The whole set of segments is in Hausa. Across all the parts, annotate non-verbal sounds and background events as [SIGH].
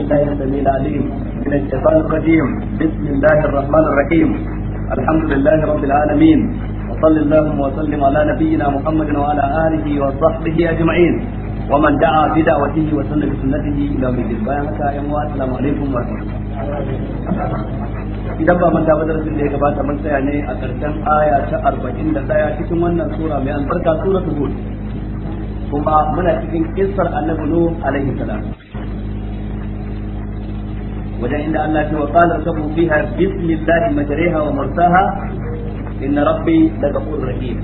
الله السميع العليم من الشيطان الرجيم بسم الله الرحمن الرحيم الحمد لله رب العالمين وصل اللهم وسلم على نبينا محمد وعلى اله وصحبه اجمعين ومن دعا بدعوته وسن بسنته الى يوم الدين بيان السلام عليكم ورحمه الله idan ba manta ba darasin da ya gabata mun tsaya ne a karshen aya ta 41 cikin wannan sura mai albarka suratul hud kuma muna cikin kissar annabi nuh alaihi salam wajen inda Allah ce wa qala sabu fiha bismillahi majriha wa mursaha inna rabbi la ghafurur rahim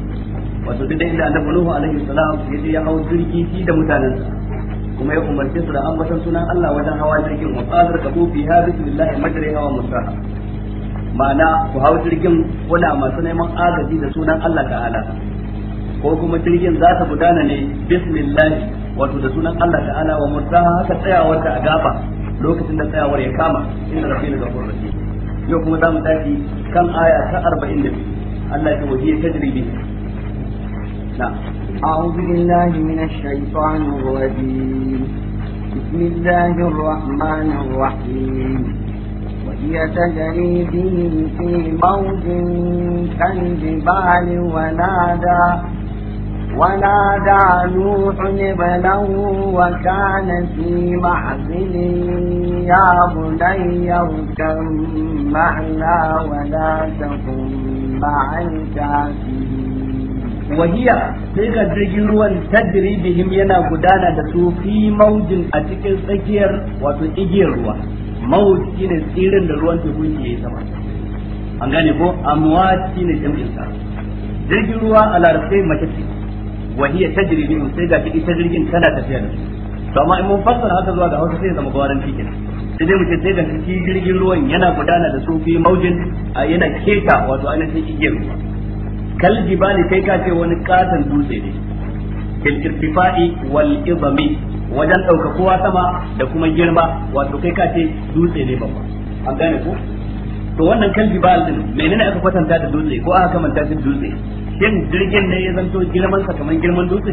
wato duk da inda annabi Nuhu alaihi salam ya ce ya hawo jirgi shi da mutanen kuma ya umarce su da ambaton sunan Allah wajen hawa jirgin wa qala sabu fiha bismillahi majriha wa mursaha ma'ana ku hau jirgin kuna masu neman agaji da sunan Allah ta'ala ko kuma jirgin za ta gudana ne bismillah wato da sunan Allah ta'ala wa murtaha haka tsayawar ta a gaba lokacin da tsayawar ya kama inda rabbi na gafur rahim yau kuma mu tafi kan aya ta 42 Allah ya wajiye tajribi na أعوذ بالله من الشيطان الرجيم بسم الله الرحمن الرحيم وهي تجري بهم في موج كالجبال ونادى ونادى نوح ابنه وكان في معزل يا بني اركب معنا ولا تكن مع الكافرين وهي تلك jirgin ruwan tadri bihim yana gudana da su fi maujin a cikin tsakiyar wato igiyar ruwa mauj ne tsirin da ruwan teku ke sama an gane ko amwat shine jam'in jirgin ruwa a larabtai mace ce wa hiya tajri jirgin sai ga tana tafiya da su to amma in mun fassara haka zuwa ga Hausa sai ya zama gwaran cikin sai dai mutum sai ga shi jirgin ruwan yana gudana da su fi maujin yana keta wato ainihin igiyar ruwa kal jibali kai ka ce wani katon dutse ne fil irtifai wal izami wajen ɗaukakuwa sama da kuma girma wato kai ka ce dutse ne babba an gane ko to wannan kalbi ba din menene aka kwatanta da dutse ko aka kamanta da dutse shin jirgin ne ya zanto girman sa kamar girman dutse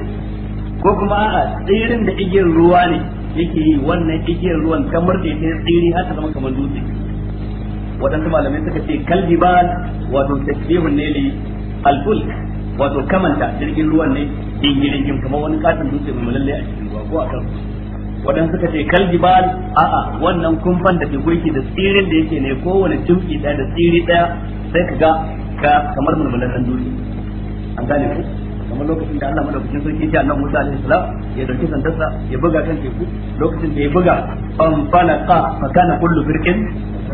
ko kuma a'a tsirin da igiyar ruwa ne yake yi wannan igiyar ruwan kamar da yake tsiri har ta zama kamar dutse wadansu malamai suka ce kalbi ba wato tasbihun ne li alful, wato kamanta jirgin ruwan ne jirgin kamar wani katin dutse mai lalle a cikin ruwa ko a kan wadanda suka ce kaljibal a'a wannan kumfan da teku yake da tsirin da yake ne kowane tumki daya da tsiri daya sai ka ga ka kamar mulmulan dan duri an gane ku kamar lokacin da Allah madaukakin sarki ya annabi Musa alaihi salam ya dauki sandarsa ya buga kan teku lokacin da ya buga an falaqa fa kana kullu firqin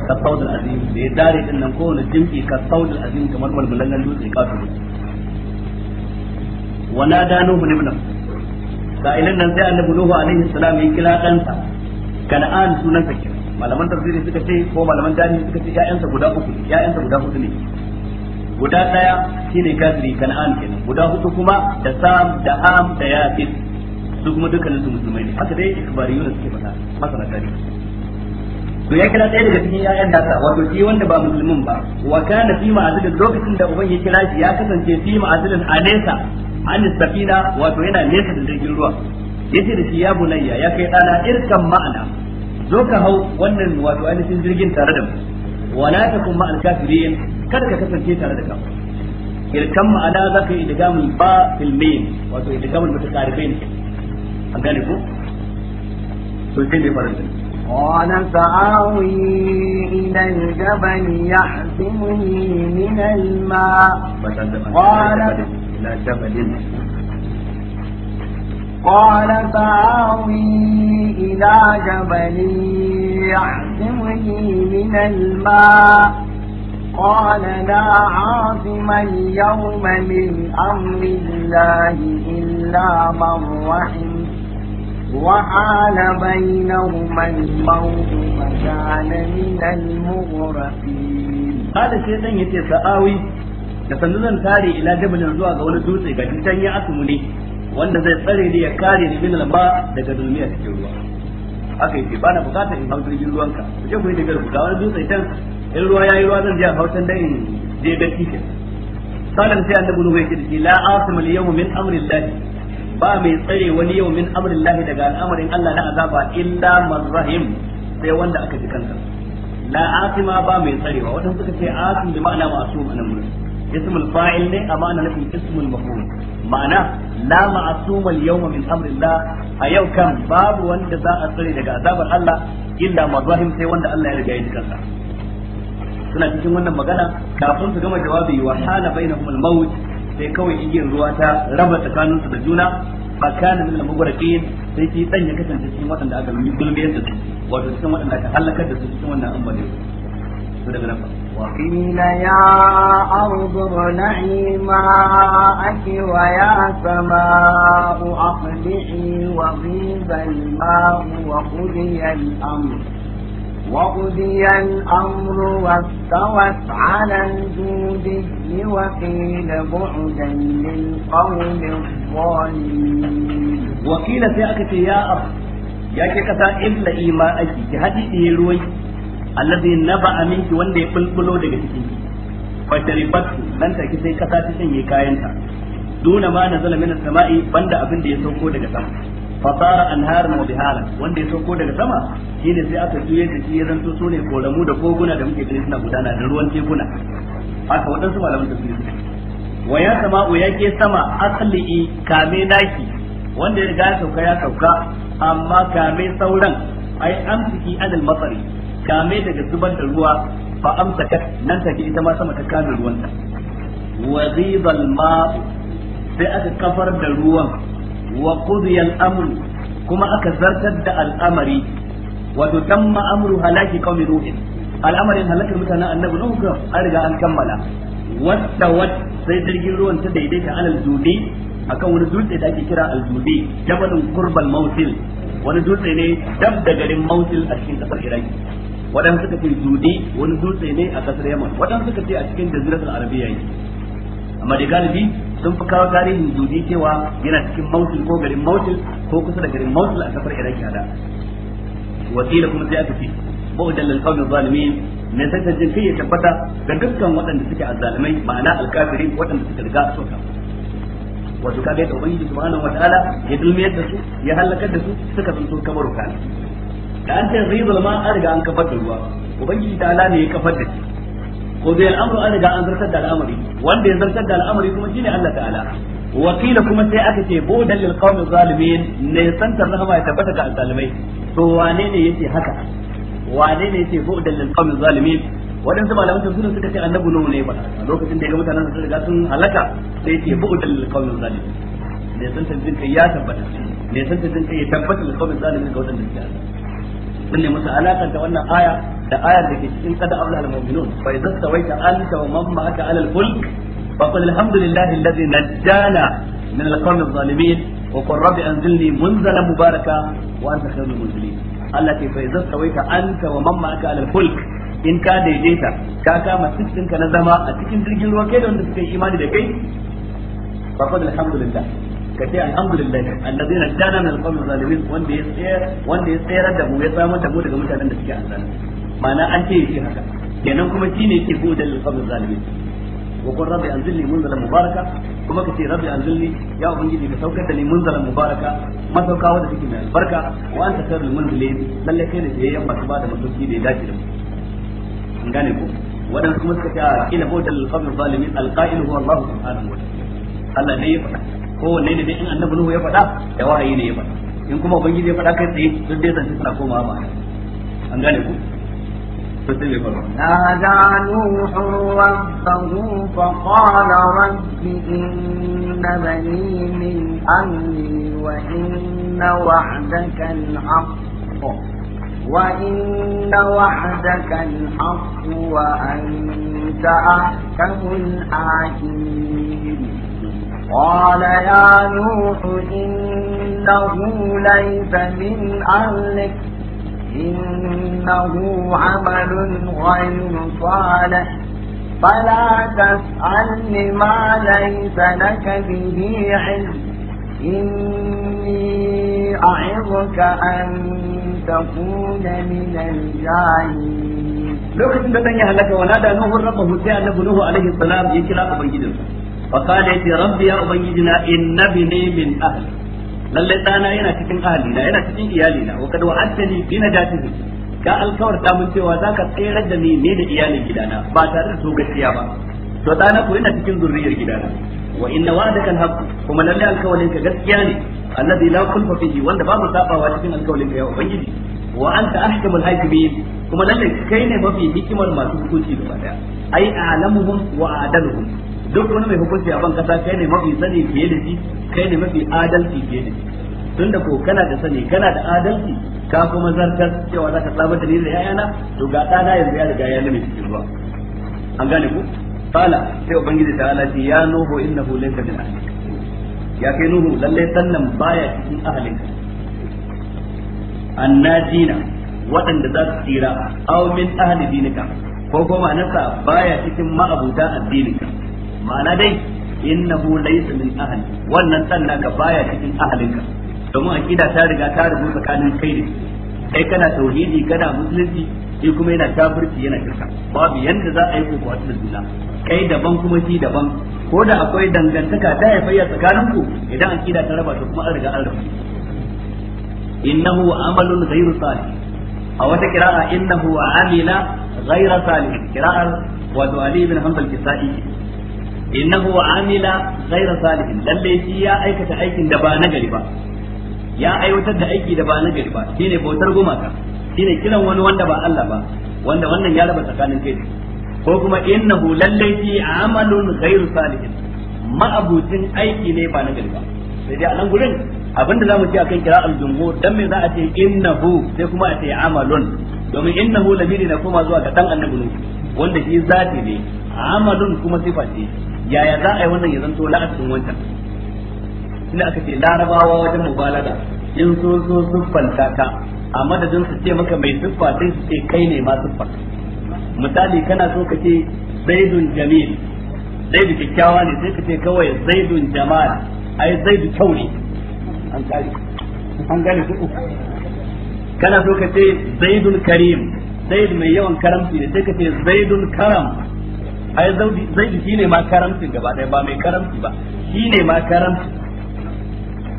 ka saudul azim da ya dare din nan kowane tumki ka saudul azim kamar mulmulan dan duri ka tudu wana da nuhu ibn ga nan sai annabi nuhu alaihi salam ya kira ɗansa kana'an sunan sa kira malaman tafsiri suka ce ko malaman dani suka ce ƴaƴansa guda uku ƴaƴansa guda hudu ne guda ɗaya shine kafiri kana'an kenan guda hudu kuma da sam da ham da yafis su kuma dukkanin su musulmai ne haka dai yunus suke faɗa masana tarihi to ya kira ɗaya daga cikin ƴaƴan nasa wato shi wanda ba musulmin ba wa kana fi ma'azilin lokacin da uban ya kira shi ya kasance fi ma'azilin a nesa an safina wato yana nesa da jirgin ruwa yace da shi ya bunayya ya kai dana irkan ma'ana zo ka hau wannan wato ainihin jirgin tare da mu wala takun ma'al kafirin kada ka kasance tare da kafir irkan ma'ana za zaka yi mun ba fil mim wato idgamul mutaqaribin an gane ko to sai ne faranta قال سآوي إلى الجبل يحسمني من الماء قال إلى جبل قال سآوي إلى جبل يعصمني من الماء قال لا عاصم اليوم من أمر الله إلا من رحم وحال بينهما الموت فكان من المغرقين قال سيدنا يتساوي da sannu zan tare ila jabalin zuwa ga wani dutse ga can ya asumu ne wanda zai tsare ni ya kare ni min alba daga dulmiya cikin ruwa haka yake ba na bukata in hau jirgin ruwanka ku je ku yi daga Ga wani dutse can in ruwa yayi ruwa zan je a hautan dan in je da kike sanan sai annabi nuhu yake dace la asma al min amri allah ba mai tsare wani yau min amri allah daga al'amarin Allah na azaba illa man rahim sai wanda aka ji kansa la asima ba mai tsarewa wadanda suka ce asim bi ma'ana masu anan mulki ismul fa'il ne amma ana nufin ismul maf'ul ma'ana la ma'suma al-yawma a yau kan babu wanda za a tsare daga azabar Allah illa mazahim sai wanda Allah ya riga ya suna cikin wannan magana kafin su gama jawabi wa hala na kuma maut sai kawai igiyar ruwa ta raba tsakaninsu da juna fakana min al-mughraqin sai shi dan kasance cikin waɗanda aka lulmi gulmiyar da su wato cikin waɗanda aka halakar da su cikin wannan ambaliyar. وقيل يا أرض ابلعي ماءك ويا سماء أقلعي وغيب الماء وقضي الأمر وقضي الأمر واستوت على الجودي وقيل بعدا للقوم الظالمين وقيل سيأكت يا أرض يا كتا إبلعي ماءك هذه هي الوجه alladhi naba'a minki wanda ya bulbulo daga cikin ki fa sharibatu nan take sai kasa ta shanye kayanta duna ma nazala min as-sama'i banda abin da ya sauko daga sama fa sara anharun wa biharan wanda ya sauko daga sama shine sai aka tuye da shi ya zanto sune koramu da koguna da muke gani suna gudana da ruwan tekuna haka waɗansu malaman da suke wa ya sama'u ya ke sama asali kame naki wanda ya riga sauka ya sauka amma kame sauran ai amsiki adal matsari kame daga zubar da ruwa fa amsakat nan take ita ma sama ta kame ruwanta wa zibal ma sai aka kafar da ruwan wa qudiya al-amru kuma aka zartar da al'amari wato tamma amru halaki qaumi ruhin al'amarin halakar mutanen annabi nuhu ga an riga an kammala Wadda wat sai jirgin ruwan ta daidaita alal dudi akan wani dutse da ake kira al-dubi jabalun qurbal mawsil wani dutse ne dab da garin mawsil a cikin kasar iraki wadan suka ce zudi wani dutse ne a kasar yaman wadan suka ce a cikin jaziratul arabiya yake amma da galibi sun fi kawo tarihin zudi cewa yana cikin mausul ko garin mausul ko kusa da garin mausul a kasar iraki hada wasila kuma sai aka ce bau lil qawmi zalimin ne sai ta jinkai ya tabbata ga dukkan waɗanda suke azzalimai ma'ana alkafiri waɗanda suka riga a suka wato kaga da ubangiji subhanahu wataala ya dulmiyar da su ya halakar da su suka zanto kamar kana da an ce zai zulma an riga an kafar da ruwa ubangiji ta ala ne ya kafar da shi ko bai al'amru an riga an zartar da al'amari wanda ya zartar da al'amari kuma shine Allah ta'ala wakila kuma sai aka ce bo dalil qaumiz zalimin ne santar rahama ya tabbata ga zalimai to wane ne yake haka wane ne yake bo dalil qaumiz zalimin waɗansu malaman suna suka ce annabi nuhu ne ba lokacin da ya ga mutanen sun riga sun halaka sai yake bo dalil qaumiz zalimin ne santar jin kai ya tabbata ne santar jin kai ya tabbata da qaumiz zalimin ga waɗanda suke sun ne masa alakanta wannan aya da ayar da ke cikin kada abla al-mu'minun fa idza tawaita anta wa man ma'aka ala al-fulk fa qul alhamdulillahi alladhi najjana min al-qawmi adh-dhalimin wa qul rabbi anzilni munzalan mubaraka wa anta khairul munzilin Allah ke fa idza tawaita anta wa man ma'aka ala al-fulk in ka daidaita ka kama sittin ka na zama a cikin jirgin ruwa kai da wanda suka yi imani da kai fa qul alhamdulillah ka ce alhamdulillah allazina hadana min alqawmi zalimin wanda ya tsayar wanda ya tsayar da mu ya samar da mu daga mutanen da suke azan ma'ana an ce yake haka kenan kuma shine yake ko da alqawmi zalimin wa rabbi anzilni mubaraka kuma rabbi anzilni ya ubangiji ka saukar da ni munzalan mubaraka masauka wanda take mai albarka wa anta khairul munzilin lalle kai ne yayin masu ba da masauki da ya dace da mu an gane ko kuma suka ce zalimin huwa Allah subhanahu wa ta'ala Allah ne ya faɗa Ko wanne ne dai in annabi nuhu ya faɗa da wahayi ne ya faɗa in kuma ubangiji ya faɗa kai tsaye duk dai zance suna komawa ba an gane ku na da nuhu rabbahu fa qala rabbi inna bani min amri wa inna wa'daka al-haqq وإن وعدك الحق وأنت أحكم الحاكمين قال يا نوح إنه ليس من أهلك إنه عمل غير صالح فلا تسألني ما ليس لك به علم إني أعظك أن تكون من الجاهلين lokacin da dan ya halaka wala da nuhu rabbahu sai annabi nuhu alaihi salam ya kira ubangijinsa فقال يا ربي يا أبيدنا إن ابني من أهلي Lallai ɗana yana cikin ahalina yana cikin iyalina wa kad wa'adtani bi najatihi ka alkawarta mun cewa zaka tsayar da ni ne da iyalin gidana ba tare da so gaskiya ba to ɗana ko yana cikin zurriyar gidana wa inna wa'adaka al kuma lallai alkawarin ka gaskiya ne alladhi la kulfa fihi wanda babu sabawa cikin alkawarin ka ya ubangiji wa anta ahkamul hakimin kuma lallai kai ne mafi hikimar masu hukunci gaba daya ai a'lamuhum wa adaluhum duk wani mai hukunci a ban kasa kai ne mafi sani fiye da shi kai ne mafi adalci fiye da shi da ko kana da sani kana da adalci ka kuma zartar cewa za ka samar da ni da yayana to ga ɗana yanzu ya riga ya nemi cikin ruwa an gane ku fala sai ubangiji ta ala ya nuhu innahu laysa min ahlik ya kai nuhu lalle sannan baya cikin ahlinka annajina waɗanda za su tsira a min ahli dinika ko kuma nasa baya cikin ma'abuta addininka ma'ana dai innahu laysa min ahli wannan sanna naka baya cikin ahalinka domin akida ta riga ta rubu tsakanin kai da kai kana tauhidi kana musulunci shi kuma yana kafirci yana shirka babu yanda za a yi kokowa da juna kai daban kuma shi daban ko da akwai dangantaka da ya tsakanin tsakaninku idan akida ta raba to kuma an riga an raba innahu amalun ghayru salih a wata kira'a innahu amila ghayra salih kira'ar wa ali ibn hanbal kisai innahu amila ghayra salihin lalle shi ya aikata aikin da ba nagari ba ya aiwatar da aiki da ba nagari ba shine bautar gumaka shine kiran wani wanda ba Allah ba wanda wannan ya raba tsakanin kai ko kuma innahu lalle shi amalun ghayru salihin ma'abucin aiki ne ba nagari ba sai dai a nan gurin abinda zamu ci akan kira al-jumhur dan me za a ce innahu sai kuma a ce amalun domin innahu lamiri na kuma zuwa ga dan annabi wanda shi zati ne amalun kuma sifa ce yaya za a yi wannan ya zanto la'asin wancan tunda aka ce larabawa wajen mubalaga in so so siffar ka a madadin su ce maka mai siffa sai su ce kai ne ma siffa misali kana so ka ce zaidun jamil zaidu kyakkyawa ne sai ka ce kawai zaidun jamal ai zaidu kyau ne an kare an gane su kana so ka ce zaidun karim zaid mai yawan karamci ne sai ka ce zaidun karam ai shi shine ma karamcin gaba ɗaya ba mai karamci ba shine ma karamci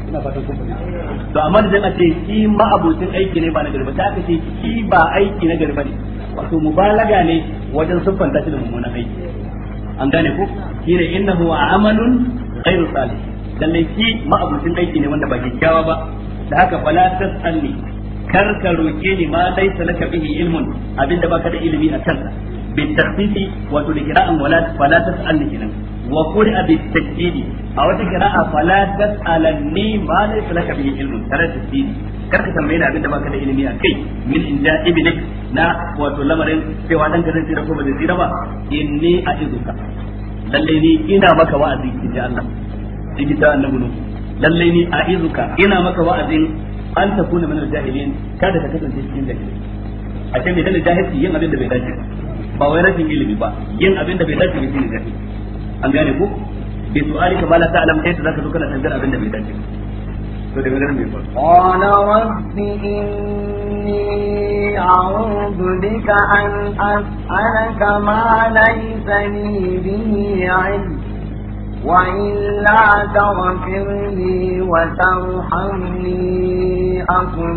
ina fatan kun fahimta to amma da zan ce shi ma abocin aiki ne ba na garba ta aka ce shi ba aiki na garba ne wato mubalaga ne wajen siffanta shi da mummunan aiki an gane ko shine innahu amalun ghairu salih ne shi ma abocin aiki ne wanda ba kyakkyawa ba da haka fala tasalli kar ka roke ni ma dai laka bihi ilmun abinda baka da ilimi a kansa بالتخفيف وتلقراء ولا فلا تسألني كنا وقرئ بالتجديد أو تقراء فلا تسألني ما ليس لك به علم ترى تجديد kar ka tambaye ni abin da baka da ilimi a kai min in ja ibnik na wato lamarin cewa dan ka zai ko ba zai tsira ba inni a izuka ina maka wa'azi in ji Allah a izuka ina maka wa'azin an takuna min al-jahilin kada ka kasance cikin jahilin a ce mai dalil jahilci yin abin da bai dace ba ba wai rashin ilimi ba yin abin da bai dace ba shine gafi an gane ko bi su'ali ka bala ta'lam kai ta zaka zo kana tambayar abin da bai dace to daga nan bai ba. qala rabbi inni a'udhu bika an as'alaka ma laysa li bihi 'ilm وإلا تغفر لي وترحمني أكن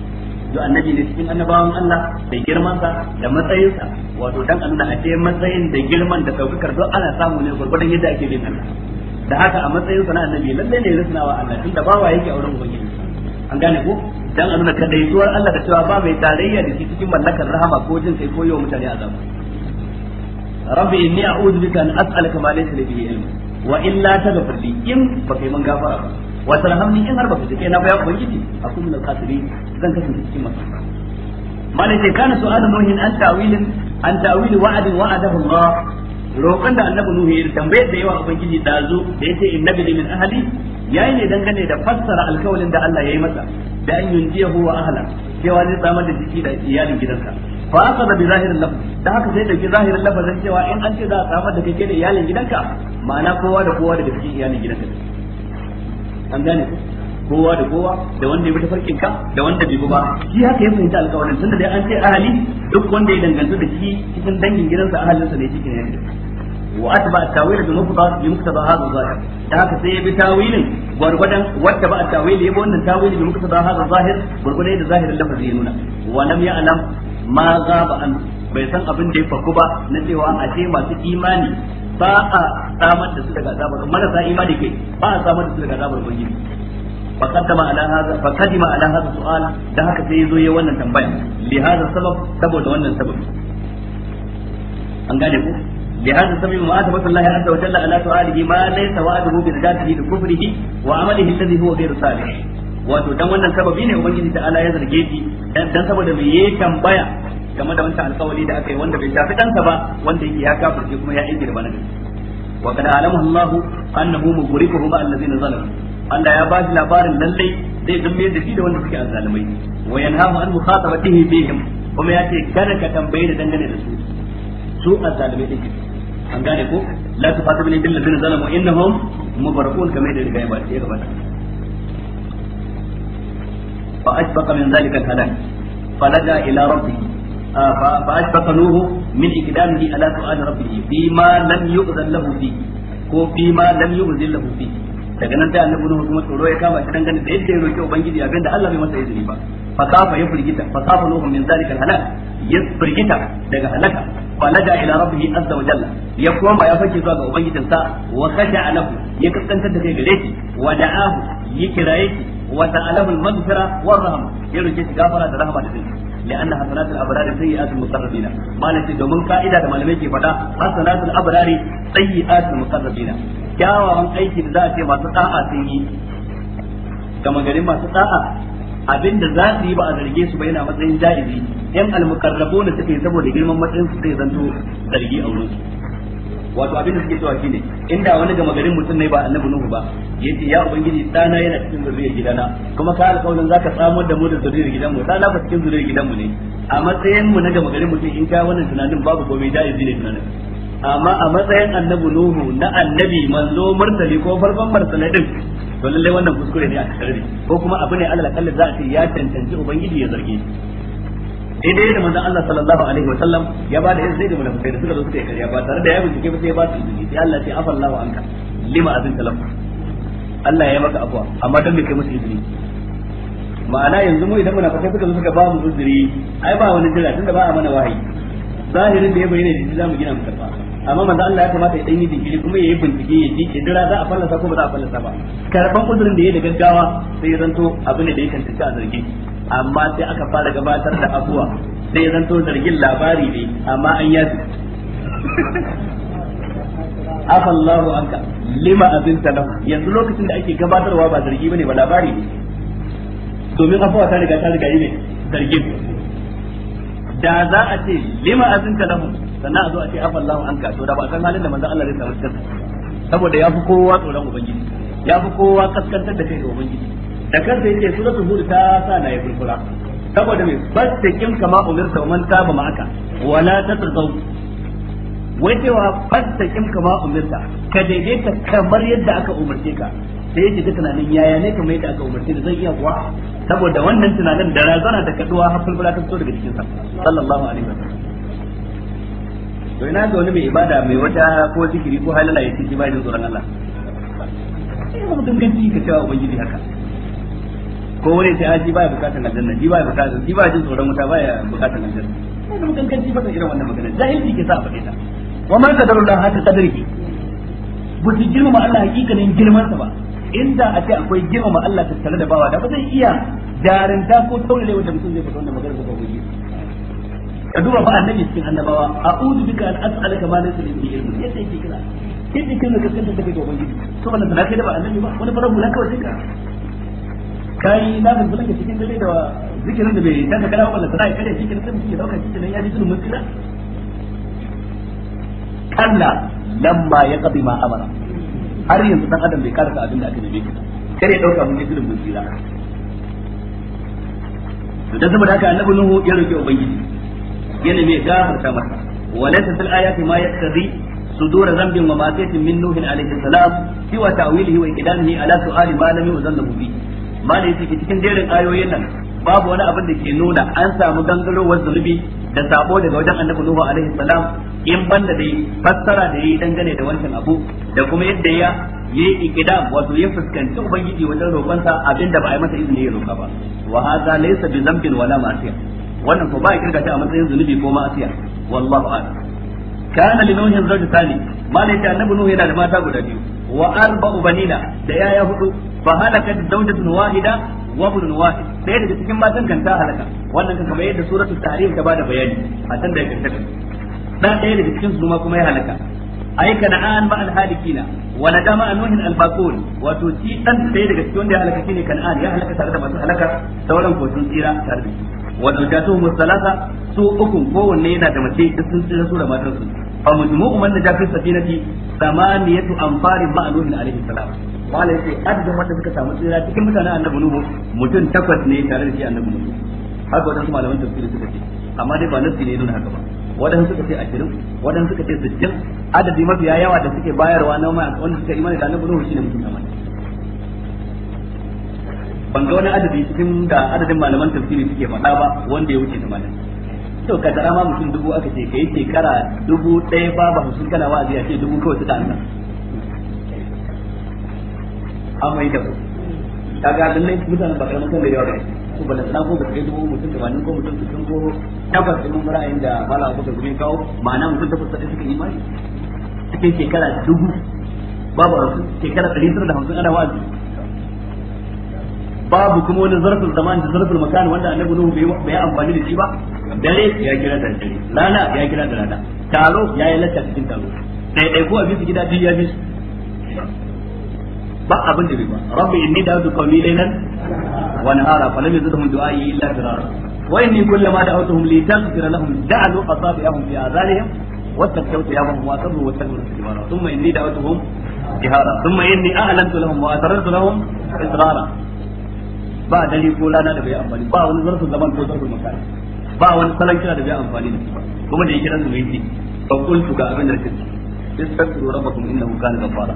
duk annabi ne cikin annabawan Allah da girman sa, da matsayin sa, wato dan Allah a cikin matsayin da girman da saukar don ana samu ne gurbin yadda ake bin Allah da haka a matsayin sa na annabi lalle ne rusnawa Allah tun da bawa yake auren wurin ubangiji an gane ko dan a nuna kadaituwar Allah da cewa ba mai tarayya da shi cikin mallakar rahama ko jin kai ko yau mutane azabu rabbi inni a'udhu bika an as'aluka ma laysa li bihi ilm wa illa taghfir li in ba kai mun gafara ba wa tarhamni in har ba ku jike na ba ya ubangiji aku min al-khasirin zan kasance cikin masu malai ce kana su'alu nuhin an ta'wilin an ta'wili wa'adin wa'adahu Allah roƙon da annabi nuhu ya tambayar da yawa ubangiji dazu da yace innabi min ahli yayi ne dangane da fassara alƙawalin da Allah yayi masa da an yunjiyahu wa ahla cewa zai samar da jiki da iyalin gidansa fa aka bi zahirin lafz da haka sai da zahirin lafazin cewa in an ce za a samar da kake da iyalin gidanka ma'ana kowa da kowa da cikin iyalin gidanka an gane ku kowa da kowa da wanda ya bi tafarkin ka da wanda bai ba shi haka ya fahimta alƙawarin tunda dai an ce ahali duk wanda ya danganta da shi cikin dangin gidansa ahalinsa ne cikin yanzu wa atba at-tawil bi muqtada bi muqtada hadha zahir da haka sai ya bi tawilin gurgudan wanda ba at-tawil ya bi wannan tawili bi muqtada hadha zahir gurgudan da zahirin lafazi ya nuna wa lam ya'lam ma ghaba an bai san abin da ya faku ba na cewa a ce masu imani ba a samar da su daga azabar marasa imani kai ba a samar da su daga zabar ubangiji fa qaddama ala hadha fa ala hadha su'ala dan haka sai yazo yayin wannan tambaya bi hadha sabab saboda wannan sabab an gane ku bi hadha sababi mu'atabatu Allah azza wa jalla ala su'alihi ma laysa wa'duhu bi ridatihi bi kufrihi wa amalihi alladhi huwa ghayru salih wato dan wannan sababi ne ubangiji ta Allah ya zarge shi dan saboda mai yayi tambaya game da wancan alƙawari da aka yi wanda bai shafi kansa ba wanda yake ya kafirce kuma ya aiki da bana wa kad alama Allah annahu mughriquhu ma allazina zalamu Allah ya ba labarin lalle zai dumbe da shi da wanda suke azzalimai wa yanhahu an mukhatabatihi bihim kuma ya ce kada ka tambaye da dangane da su su azzalimai din an gane ko la tufatibni bil ladina zalamu innahum mubarakun kamar da riga ya ba ya gabata فأشفق من ذلك الهلاك فلجأ إلى ربه فأشفق نوح من إقدامه على سؤال ربه فيما لم يؤذن له فيه ko fima ma lam yu'zin lahu fi daga nan sai annabi Nuhu kuma tsoro ya kama shi dangane da yadda ya roki ubangiji abinda Allah bai masa izini ba fa kafa ya furgita fa kafa Nuhu min zalika halak ya furgita daga halaka fa laja ila rabbih azza wa jalla ya kuma ba ya fake zuwa ga ubangijin sa wa khasha lahu ya kaskantar da kai gare shi wa da'ahu ya kiraye shi وسأله المغفرة والرحمة يرجع غفرة الرحمة لذلك لأن حسنات الأبرار سيئات المقربين ما لك دومن قائدة ما لم فدا حسنات الأبرار سيئات المقربين كاوا من أيك ذات ما تطاعة سيئي كما قال ما تطاعة abin da za su yi ba a zarge su ba yana matsayin jaizi yan almukarrabu ne suke saboda girman matsayin su sai zanto zargi a wurin su wato abin da suke cewa shine inda wani gama garin mutum ne ba annabi nuhu ba yace ya ubangiji dana yana cikin zuriyar gidana kuma ka alƙawarin zaka samar da mu da zuriyar gidanmu dana ba cikin zuriyar gidanmu ne a matsayin mu na gama garin mutum in ka wannan tunanin babu komai jaizi ne tunanin amma a matsayin annabi nuhu na annabi manzo martali ko farkon martali din to lalle wannan kuskure ne a tare ko kuma abu ne alal akalla za a ce ya tantance ubangiji ya zarge daidai da manzon Allah sallallahu alaihi wa sallam ya ba da zai da fita da suka zo suka yi kariya ba tare da ya bincike ba sai ya ba su izini sai Allah ya ce afallahu anka lima azin talaffu Allah ya maka afwa amma dan me kai musu izini ma'ana yanzu mu idan munafikai suka zo suka ba mu izini ai ba wani jira tunda ba a mana wahayi zahirin da ya bayyana da za mu gina mu karba amma manzo Allah ya kamata ya danyi digiri kuma yayi bincike ya ji kidira za a fallasa ko ba za a fallasa ba karban uzurin da yayi da gaggawa sai zanto abin da ya tantance a zargi amma sai aka fara gabatar da abuwa sai zanto zargin labari ne amma an afa Allahu anka lima abinta lahu yanzu lokacin da ake gabatarwa ba zargi bane ba labari ne domin afuwa ta riga ta riga yi ne zargin da za a ce lima azinta lahu sannan a zo a ce afa lahu anka to da ba san halin da manzon Allah zai samu cikin saboda ya fi kowa tsoron ubangiji ya fi kowa kaskantar da kai ga ubangiji da kansa yake suratul hud ta sa na yi kulkura saboda me fastaqim kama umirta wa man taba ma'aka wala tatazau wai cewa fastaqim kama umirta ka daidaita kamar yadda aka umarce ka sai yake shiga tunanin yaya ne kamar yadda aka umarci da zai iya kuwa saboda wannan tunanin da razana da kaduwa har fulfula ta fito daga cikin sa sallallahu alaihi wa sallam to ina ga wani mai ibada mai wata ko zikiri ko halala yake ji ba tsoron Allah sai mu dinga ji ka cewa ubangiji haka ko wani sai aji ah, baya bukatan aljanna ji baya bukatan ji baya jin tsoron wuta baya bukatan aljanna sai mu mutum ganci fata irin wannan magana jahilci ke sa a faɗe ta wa ma kadarullah hatta kadarki bu su Allah hakikanin girman sa ba inda a ce akwai girmama Allah tattare da bawa da ba zai iya jarinta ko taurare wanda mutum zai fita wanda magana ba gobe ka duba ba annabi cikin annabawa a'udhu bika an as'alaka ma laysa li ilmun yadda yake kira kin ne kin ka kanta kai ga ubangiji to wannan da kai da ba annabi ba wani farar hula kawai ka kai na ga bulanka cikin dare da zikirin da bai taka kana wannan sai kare cikin sun mutum ya dauka cikin ya ji sunan mutum kalla lamma yaqdi ma amara har yanzu dan adam bai karasa abin da aka neme ka kare dauka mun gidin mun jira to dan saboda haka annabi nuhu ya roki ubangiji ya neme gafarta masa walaysa fil ayati ma yaqtadi sudur zambin wa ma'siyatin min nuhin alayhi salam siwa ta'wilihi wa iqdamihi ala su'ali ma lam yuzan bi ma ne cikin jerin ayoyin nan babu wani abin da ke nuna an samu gangarowar zunubi da sabo daga wajen annabi nuhu alaihi salam in banda da fassara da yi dangane da wancan abu da kuma yadda ya yi ikidam wato ya fuskanci ubangiji wajen roƙonsa abinda ba a yi masa izini ya roƙa ba wa hadha laysa bi dhanbin wala ma'siyah wannan ko ba ya kirga a matsayin zunubi ko ma'asiya wallahu a'lam kana li nuhin zawj thani malai ta annabi nuhu yana da mata guda biyu wa arba'u banina da yaya hudu fa da zawjatun wahida wa ibnun wahid sai daga cikin matan kan ta halaka wannan kan kamar yadda suratul tahrim ta bada bayani a can da kanta dan ɗaya daga cikin su kuma ya halaka ai kana'an ma al-halikina wa nadama anuhin al-baqul wato shi dan ɗaya daga cikin da ya halaka shine kana'an ya halaka tare da masu halaka sauran kotun tsira tare da shi wato da su musalasa su uku kowanne yana da mace da sun tsira su da matar su fa mujmu'u man da fi safinati samaniyatu anfarin ma'anuhin alaihi salam malai sai adadin wanda suka samu tsira cikin mutanen annabi nuhu mutum takwas ne tare da shi annabi nuhu haka wadansu malaman tafsiri suka ce amma dai ba nasi ne nuna haka ba wadansu suka ce ashirin wadansu suka ce sittin adadi mafiya yawa da suke bayarwa na wanda suka imani da annabi nuhu shine mutum amana ban ga wani adadi cikin da adadin malaman tafsiri suke faɗa ba wanda ya wuce tamanin to ka ma mutum dubu aka ce kai shekara dubu ɗaya ba su kana wa'azi a ce dubu kawai suka ansa amai da ku kaga lallai mutanen ba karamin kan da yawa gari ko ba da ko ba kai dubu mutum tamanin ko mutum sittin ko tabbas din mun ra'ayin da mala abu da gumin kawo ma'ana mutum tabbas da suka imani cikin shekara dubu babu hamsin shekara ɗari tara da hamsin ana wa'azi babu kuma wani zarfin zaman da zarfin makan wanda annabi nuhu bai amfani da shi ba dare ya kira da dare rana ya kira da rana taro ya yi lacca cikin taro ɗaiɗaiku a bisa gida biyu ya bi ba abin da rabbi inni da'utu qawmi wa nahara yazidhum du'ai illa firara wa inni kullama li taghfira lahum fi azalihim ba ko da bai amfani ba wani zarfin zaman ko zarfin makani ba wani salon kira da bai amfani da kuma da yake nan kun tuka abin da kake istaghfiru rabbakum innahu kana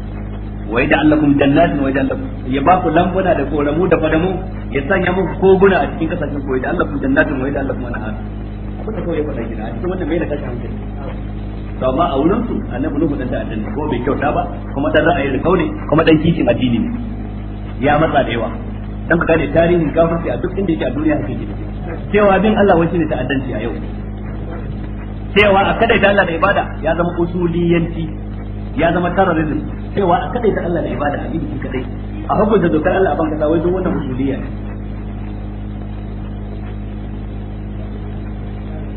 wa yaj'al jannatin wa yaj'al lakum ya baku ku lambuna da koramu da fadamu ya sanya muku koguna a cikin kasashen ku yaj'al lakum jannatin wa yaj'al lakum anhar abin da kawai ya faɗa gina a cikin wannan mai da kashi hankali to amma a wurin a annabi nuhu dan da addini ko bai kyauta ba kuma dan ra'ayi da kaune kuma dan kishin addini ne ya matsa da yawa dan ka gane tarihin kafirci a duk inda yake a duniya haka yake cewa bin Allah wani ne ta'addanci a yau cewa a kada da Allah da ibada ya zama usuliyanci ya zama terrorism cewa a kadai ta Allah da ibada a cikin kadai a hukunta dokar Allah a banka da wajen wannan usuliyya ne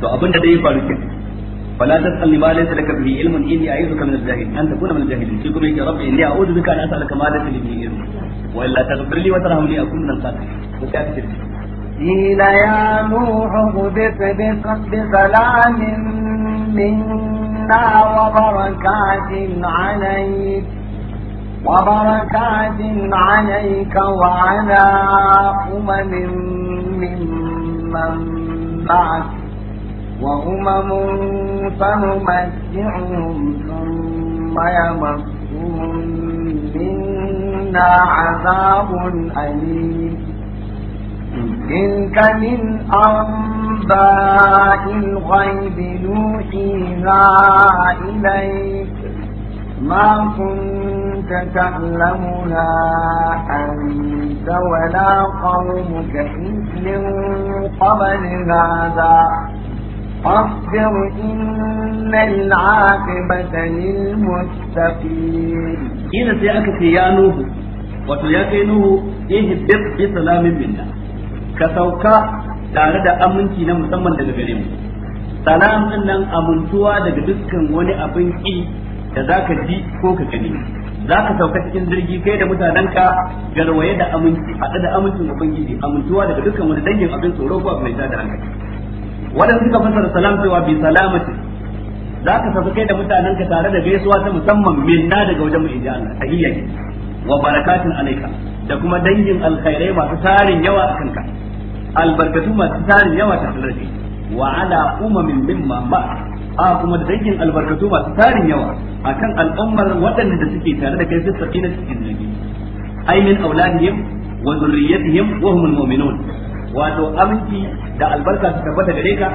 to abin da dai faru ke فلا تسأل لما ليس لك به علم إني أعيذك من الجاهل أن تكون من الجاهلين في قبلك يا رب إني أعوذ بك أن أسألك ما ليس لي به علم وإلا تغفر لي وترحمني أكون من الخاسرين وكافر قيل يا نوح اهبط بسلام منا وبركات عليك وبركات عليك وعلى أمم ممن معك وأمم سنمتعهم ثم يمسهم منا عذاب أليم تلك من أنباء الغيب نوحيها إليك ما كنت تعلمها أنت ولا قومك إذ قبل هذا فاصبر إن العاقبة للمتقين إذا سيأكد يا نوح وتياك نوح اهبط بسلام منا ka sauka tare da aminci na musamman daga gare mu salam din nan amintuwa daga dukkan wani abin ki da zaka ji ko ka gani zaka sauka cikin jirgi kai da mutanenka garwaye da aminci haɗe da amincin ubangiji amintuwa daga dukkan wani dangin abin tsoro ko abin da hankali wadanda suka fasara salam cewa bi salamati zaka sauka kai da mutanenka tare da gaisuwa ta musamman minna daga wajen mu inji Allah tahiyya wa barakatun alayka da kuma dangin alkhairai masu tarin yawa akan ka albarkatu masu tarin yawa ta talarci wa ala umamin min ba a kuma da dangin albarkatu masu tarin yawa akan al'ummar waɗanda da suke tare da kai su safina cikin jirgi ai min auladihim wa zurriyatihim wa humul mu'minun wato aminci da albarka su tabbata gare ka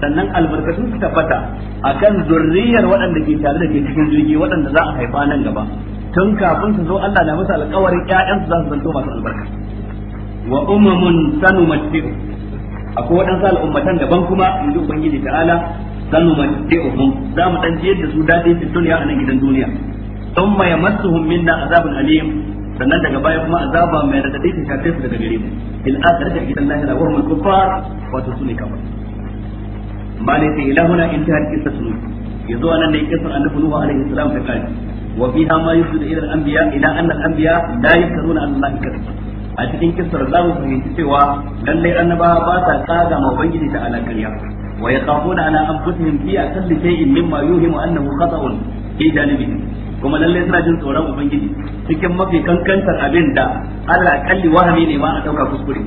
sannan albarkatu su tabbata akan zurriyar waɗanda ke tare da ke cikin jirgi waɗanda za a haifa nan gaba tun kafin su zo Allah na musu alƙawarin ƴaƴansu za su zanto masu albarka wa umamun sanumatti'u akwai waɗansu al'ummatan daban kuma yanzu ubangiji ta'ala sanumatti'uhum za mu dan jiyar da su daɗi fi duniya a nan gidan duniya Don thumma yamassuhum minna azabun alim sannan daga baya kuma azaba mai radadi ta shafe su daga gare mu fil akhirati gidan lahira wa hum kuffar wa tusuni kafar malaka ilahuna intahat qissatu yazo anan ne kissar annabi nuhu alaihi salam ta kai وفيها ما يفسد الى الانبياء الى ان الانبياء لا يذكرون ان الله كذب a cikin kissar za mu fahimci cewa lallai annabawa ba sa kaga ma ubangiji ta ala kariya wa yaqafuna a anfusihim fi akalli shay'in mimma yuhimu annahu khata'un fi janibihim kuma lallai suna jin tsoron ubangiji cikin mafi kankantar abin da Allah akalli wahami ne ma a dauka kuskure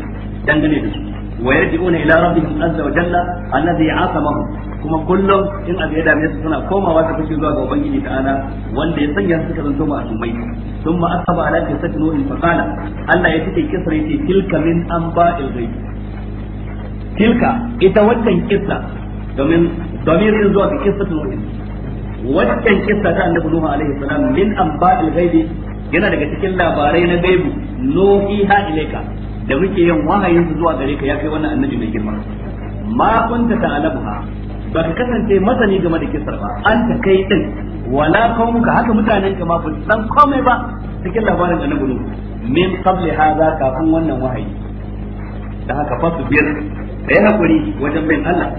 dangane da su wa yarji'una ila rabbihim azza wa jalla alladhi asamahum kuma kullum in abu ya dame su suna komawa ta fushi zuwa ga ubangiji ta'ala wanda ya sanya a zanto ma asumai thumma asaba ala kisati nuhin fa qala Allah ya tike tilka min anba'il tilka ita domin domin zuwa ga kissatu nuhin wannan ta annabi nuhu alaihi salam min anba'il ghaib yana daga cikin labarai na gaibu nuhiha ilayka da muke yin wahayin su zuwa gare ka ya kai wannan annabi mai girma ma kunta ta'lamuha ba ka kasance masani game da kisar ba an ta kai din wala kaumuka haka mutanen ka ma ba san komai ba cikin labarin annabi min qabli hadha kafin wannan wahayi da haka su biyar kai hakuri wajen bin Allah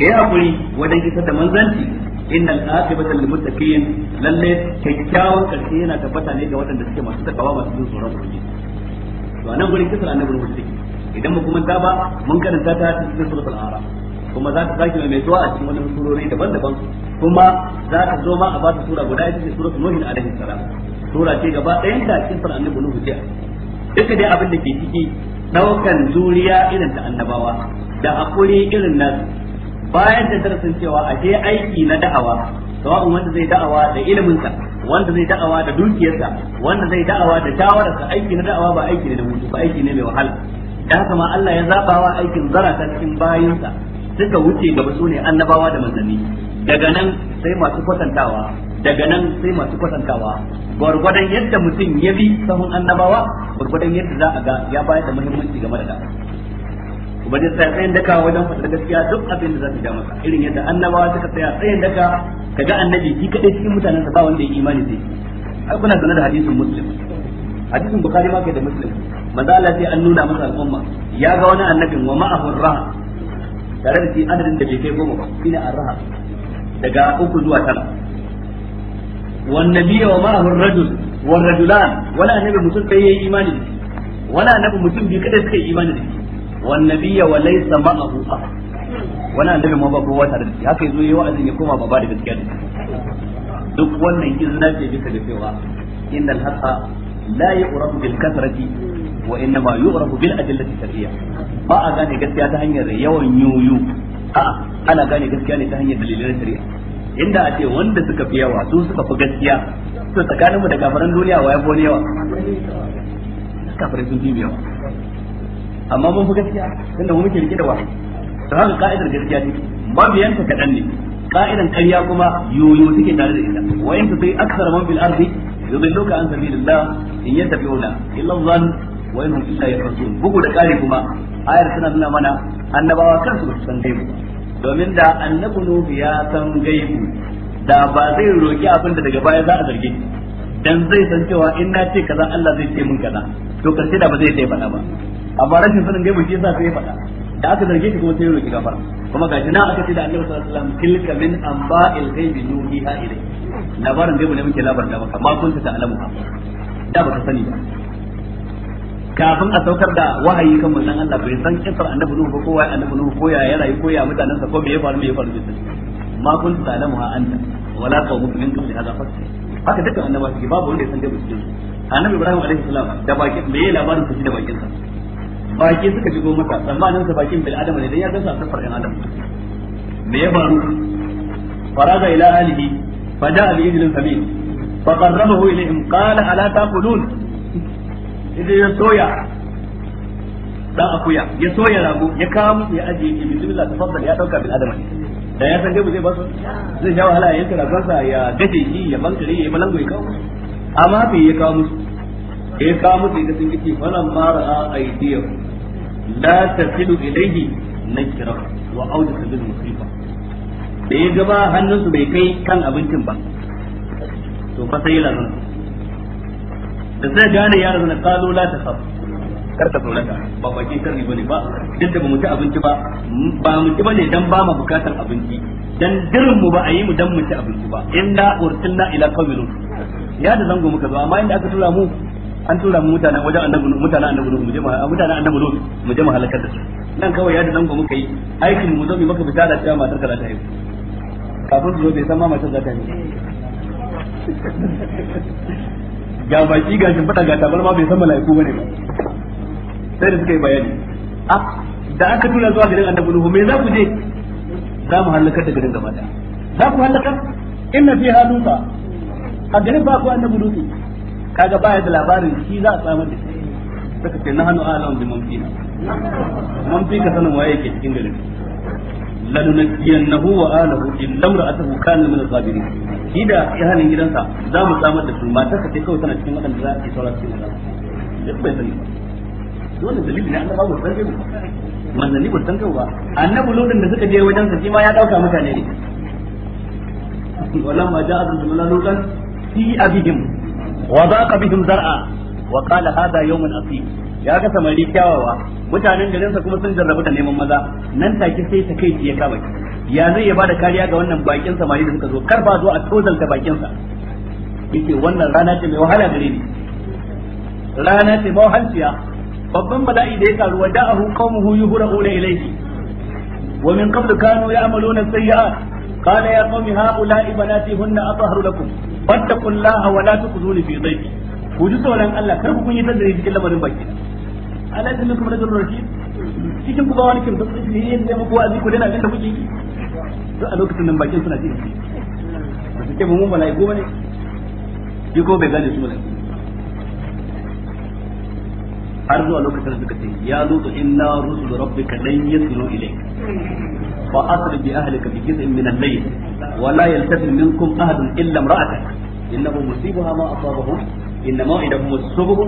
kai hakuri wajen kisar da manzanci al aqibata lil muttaqin lalle kyakkyawan karshe yana tabbata ne ga waɗanda suke masu takawa masu jin tsoron ubangiji to anan gurin kisar annabi ruhu take idan mu kuma ta ba mun karanta ta cikin suratul araf kuma za ta sake mai zuwa a cikin wani surori daban-daban kuma za ta zo ma a ba ta sura guda ita ce suratul nuhin alaihi salam sura ce gaba ɗayan ta cikin sura annabi nuhu ce duka dai abin da ke ciki daukan zuriya irin ta annabawa da hakuri irin nan bayan da darasin cewa a je aiki na da'awa sawa'un wanda zai da'awa da ilimin sa wanda zai da'awa da dukiyarsa wanda zai da'awa da shawararsa aiki na da'awa ba aiki ne da mutu ba aiki ne mai wahala dan haka ma Allah ya zaba wa aikin zarata cikin bayinsa suka wuce ga su ne annabawa da manzanni daga nan sai masu kwatantawa daga nan sai masu kwatantawa gwargwadon yadda mutum ya bi sahun annabawa gwargwadon yadda za a ga ya bayar da muhimmanci game da ubangiji sai tsayin daka wajen fadar gaskiya duk abin da za su ja masa irin yadda annabawa suka tsaya tsayin daka kaga annabi shi kadai cikin mutanen sa ba wanda ya imani sai har kuna sanar da hadisin muslim hadisin bukhari ma kai da muslim manzo Allah sai an nuna masa al'umma ya ga wani annabin wa ma'ahu raha tare da shi adadin da bai kai goma ba shine arha raha daga uku zuwa tara wan nabiyyu wa ma'ahu rajul wa rajulan wala annabi mutum sai yayi imani wala annabi mutum bi kadai suka yi imani da shi wan nabiyya wa laysa ma'ahu ahad wani annabi ma ba kowa tare da shi haka yazo yayi wa'azin ya koma baba da gaskiya duk wannan izina ce bisa da cewa innal haqqa la yu'rafu bil kasrati wa innama yu'rafu bil adillati shar'iyya ba a gane gaskiya ta hanyar yawan yoyo a ana gane gaskiya ne ta hanyar dalilan shari'a inda a ce wanda suka fi yawa su suka fi gaskiya to tsakaninmu da kafaran duniya wa ya fi wani yawa kafarai sun fi yawa amma mun fi gaskiya tunda mu muke rike da wahayi to haka ka'idar gaskiya ce mabiyanta kaɗan ne ka'idan ƙarya kuma yoyo take tare da ita wa yanta sai aksar man bil ardi doka an sabilillah in yattabi'una illa dhann wa in hum illa yakhrusun bugu da ƙari kuma ayar tana nuna mana annabawa kansu ba su san gaibu domin da annabi nuhu ya san gaibu da ba zai roki abinda daga baya za a zarge shi dan zai san cewa in na ce kaza Allah zai ce min kaza to karshe da ba zai ce faɗa ba amma rashin sanin gaibu shi yasa sai faɗa da aka zarge shi kuma sai ya roki gafara kuma ga na aka ce da Allah sallallahu alaihi wasallam tilka min amba'il ghaibi nuhiha ilayk labarin gaibu ne muke labarta maka ma kunta ha da ba ka sani ba kafin a saukar da wahayi kan manzon Allah bai san kisar Annabi Nuhu ba kowa Annabi Nuhu ko ya rayu ko ya mutanansa ko me ya faru me ya faru da su ma kunta ta'lamu ha anta wala qawmuka min qabli hadha fasal haka dukkan annabawa suke babu wanda ya san gaibu cikin su annabi ibrahim alaihi salam da baki me yayin labarin su da bakin sa baki suka shigo masa tsammanin sa bakin bil adam ne dan ya san gasa safar ɗan adam me ya faru faraga ila alihi fada bi idlin sabil fa qarrabahu ilayhim qala ala taqulun idan ya soya dan akuya ya ya rago ya kawo musu ya ajiye ke bismillah tafaddal ya dauka bil adama da ya san gaba zai ba su zai ja wahala ya yanka ragonsa ya gaje shi ya bankare ya malango ya kawo musu amma bai ya kawo musu ya kawo musu ya sun kici falan mara a aidiyahu la tasilu ilayhi nakira wa auda bil musifa da ya gaba hannunsu bai kai kan abincin ba to fa sai lazana da zai gane ya razana kalu la takhaf kar ka tsorata ba bakin sharri bane ba duk da ba mu ci abinci ba ba mu ci bane dan ba mu bukatar abinci dan dirin mu ba a yi mu dan mu ci abinci ba inna ursilna ila qawmin ya da zango muka zo amma inda aka tura mu an tura mu mutanen wajen annabi mutanen annabi mu je mutanen annabi mu je mu halakar da su nan kawai ya da zango muka yi aikin mu zo mu maka fita da matar kala ta yi kafin su zo bai san ma matar za ta yi [LAUGHS] ga baki ga shimfiɗa ga ma bai san mala'iku bane ba sai da suka yi bayani da aka tura zuwa garin annabi nuhu me za ku je za mu halakar da garin gaba daya za ku halakar inna fi halufa a garin ba ku annabi nuhu kaga baya da labarin shi za a samar da shi suka ce na hannu a mumkina mun fi ka sanin waye ke cikin garin lanunajjiyannahu wa alahu illa a kana min al-ghabirin shi da ihalin gidansa za mu samar da su matarsa sai kawai tana cikin waɗanda za a ke saura cikin azaba duk bai sani ba dole dalili na annabawa ba san manzanni ba san ba annabi lodin da suka je wajen sa shi ma ya dauka mutane ne Wala ma ja'a bin lutan fi abihim wa baqa bihim zar'a wa qala hada yawmun asib ya ga samari kyawawa mutanen garin sa kuma sun jarrabu da neman maza nan take sai ta kai ya kama ya zai ya bada kariya ga wannan bakin samari da suka zo kar ba zo a tozalta bakin sa yake wannan rana ce mai wahala gare ni rana ce mawahalciya babban bala'i da ya karu wa da'ahu qaumuhu yuhra'una ilayhi wa min qabl kanu ya'maluna sayyi'at قال يا قوم هؤلاء بناتي هن أطهر لكم فاتقوا الله ولا تخزوني ku ضيفي وجدت ولن الله كيف كن يتدري في كلمة بكي ألا تملكم رجل رشيد cikin ku ba wani kin duk ne yin da muku azi ku dana abin da kuke yi to a lokacin nan bakin suna cikin su ke mun malaiku bane yi ko bai gane su malaiku har zuwa lokacin da suka ce ya lutu inna rusul rabbika lan yasilu ilayka fa asri bi ahlika bi jiz'in min al-layl wa la yaltafi minkum ahadun illa imra'atak innahu musibaha ma asabahum inna maw'idahum as-subh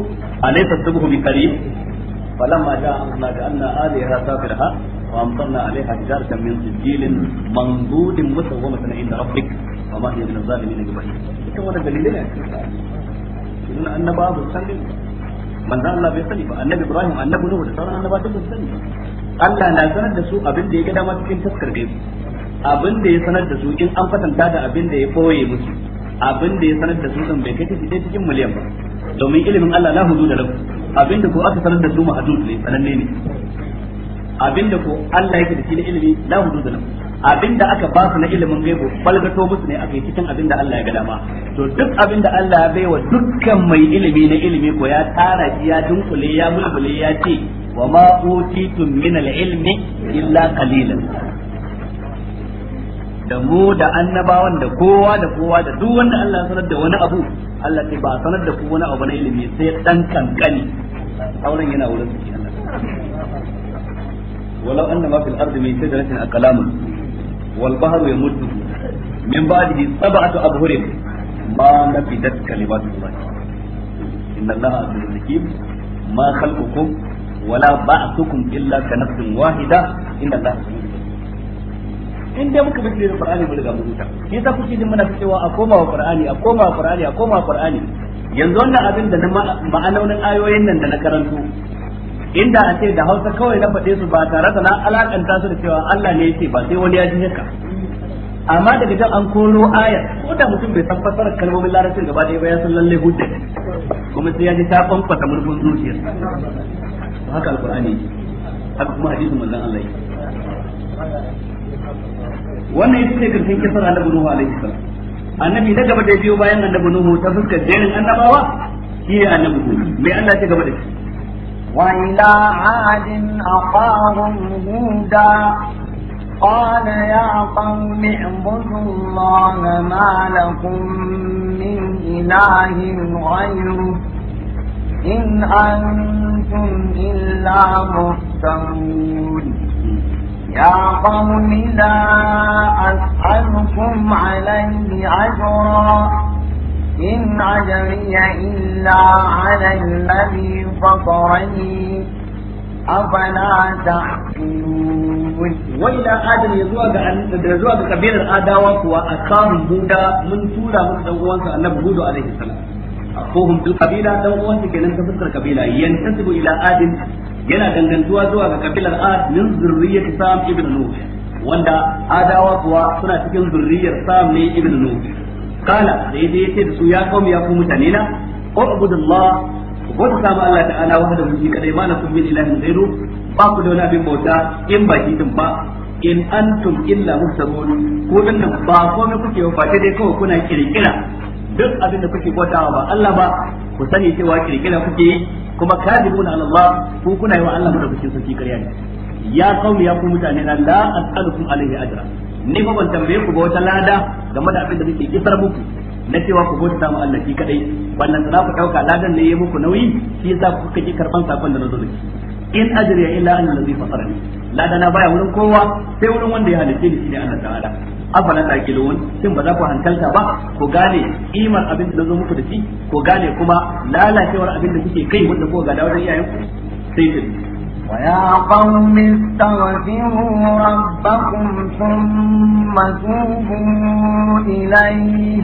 alaysa as-subh bi qarib فلما جاء أمرنا جعلنا آلهة سافرها وأمطرنا عليها حجارة من سجيل منضود مسومة manzan Allah bai sani ba annabi Ibrahim annabi Nuhu da sauran annabawa duk sani ba Allah na sanar da su abin da ya ga dama cikin taskar gaibi abin da ya sanar da su in an fatanta da abin da ya koye musu abin da ya sanar da su din bai kai kashi ɗaya cikin miliyan ba domin ilimin Allah la hudu da lahu abin da ko aka sanar da su mahadud ne sananne ne abin da ko Allah yake da shi ilimi la hudu da lahu Abin da aka ba su na ilimin gaibo balgato musu ne aka yi cikin da Allah ya ga dama to duk abin da Allah ya bai wa dukkan mai ilimi na ilimi ko ya tara shi ya dunkule ya mulmule ya ce wa ma utitum min al-ilmi illa qalilan da mu da annabawan da kowa da kowa da duk wanda Allah ya sanar da wani abu Allah sai ba sanar da ku wani abu na ilimi sai dan kankani auren yana wurin su ولو أن ما في الأرض من شجرة أقلام wal bahru yamudduhu min ba'dihi sab'atu abhurin ma nafidat kalimatullah inna allaha azizun hakim ma khalqukum wala ba'thukum illa ka nafsin wahida inna in dai muka bi da qur'ani mu riga mu huta shi kuke jin muna cewa a koma wa qur'ani a koma wa qur'ani a koma wa qur'ani yanzu wannan abin da na ma'anonin ayoyin nan da na karanto inda a ce da hausa kawai na faɗe su ba tare da na alakanta su da cewa Allah ne yake ba sai wani ya ji haka amma daga jan an koro ayar ko da mutum bai san fasar kalmomin larabcin gaba ɗaya ba ya san lalle hudda kuma sai ya ji ta fanfata murfin zuciya haka alqur'ani haka kuma hadisin manzon Allah wannan ita ce karshen kisar annabi Nuhu alaihi salam annabi da gaba da biyo bayan annabi Nuhu ta fuskar jerin annabawa shi annabi Nuhu mai Allah ya gaba da shi وإلى عاد أخاهم هودا قال يا قوم اعبدوا الله ما لكم من إله غيره إن أنتم إلا مفترون يا قوم لا أسألكم عليه أجرا إن عجمي إلا على الذي فطرني أفلا تحقلون وإلى آدم يزوى بكبير الآداوة وأخاهم هودا من سورة مكتوبة النبي هود عليه السلام أخوهم بالقبيلة دو أوانسي كنن تفسر قبيلة ينتسب إلى آدم yana dangantuwa zuwa ga kabilar Ad min zurriyyat Sam ibn Nuh wanda Adawa kuwa suna cikin zurriyar Sam ne ibn Nuh kala da yaje yace da su ya kaumi ya ku mutane na ubudullah ku ta ma Allah ta'ala wahda mu shi kadai ma na kun min ilahin ghairu ba ku da wani abin bauta in ba shi din ba in antum illa muhtamun ku din ba komai kuke ba sai dai kawai kuna kirkira duk abin da kuke bautawa ba Allah ba ku sani cewa kirkira kuke yi kuma kadibuna ala Allah ku kuna yi wa Allah madaukakin sarki ƙarya ne ya kaumi ya ku mutane na la as'alukum alaihi ajra ni fa ban tambaye ku ba wata lada game da abin da muke kisar muku na cewa ku bauta mu Allah ki kadai wannan za ku dauka ladan ne yayi muku nauyi shi yasa ku kike karban sakon da nazo da in ajriya illa an allazi fatarani na baya wurin kowa sai wurin wanda ya halice ni shine Allah ta'ala afala taqilun shin ba za ku hankalta ba ku gane kimar abin da nazo muku da shi ko gane kuma lalacewar abin da kuke kai wanda ku ga da wajen ku sai ku ويا قوم استغفروا ربكم ثم توبوا إليه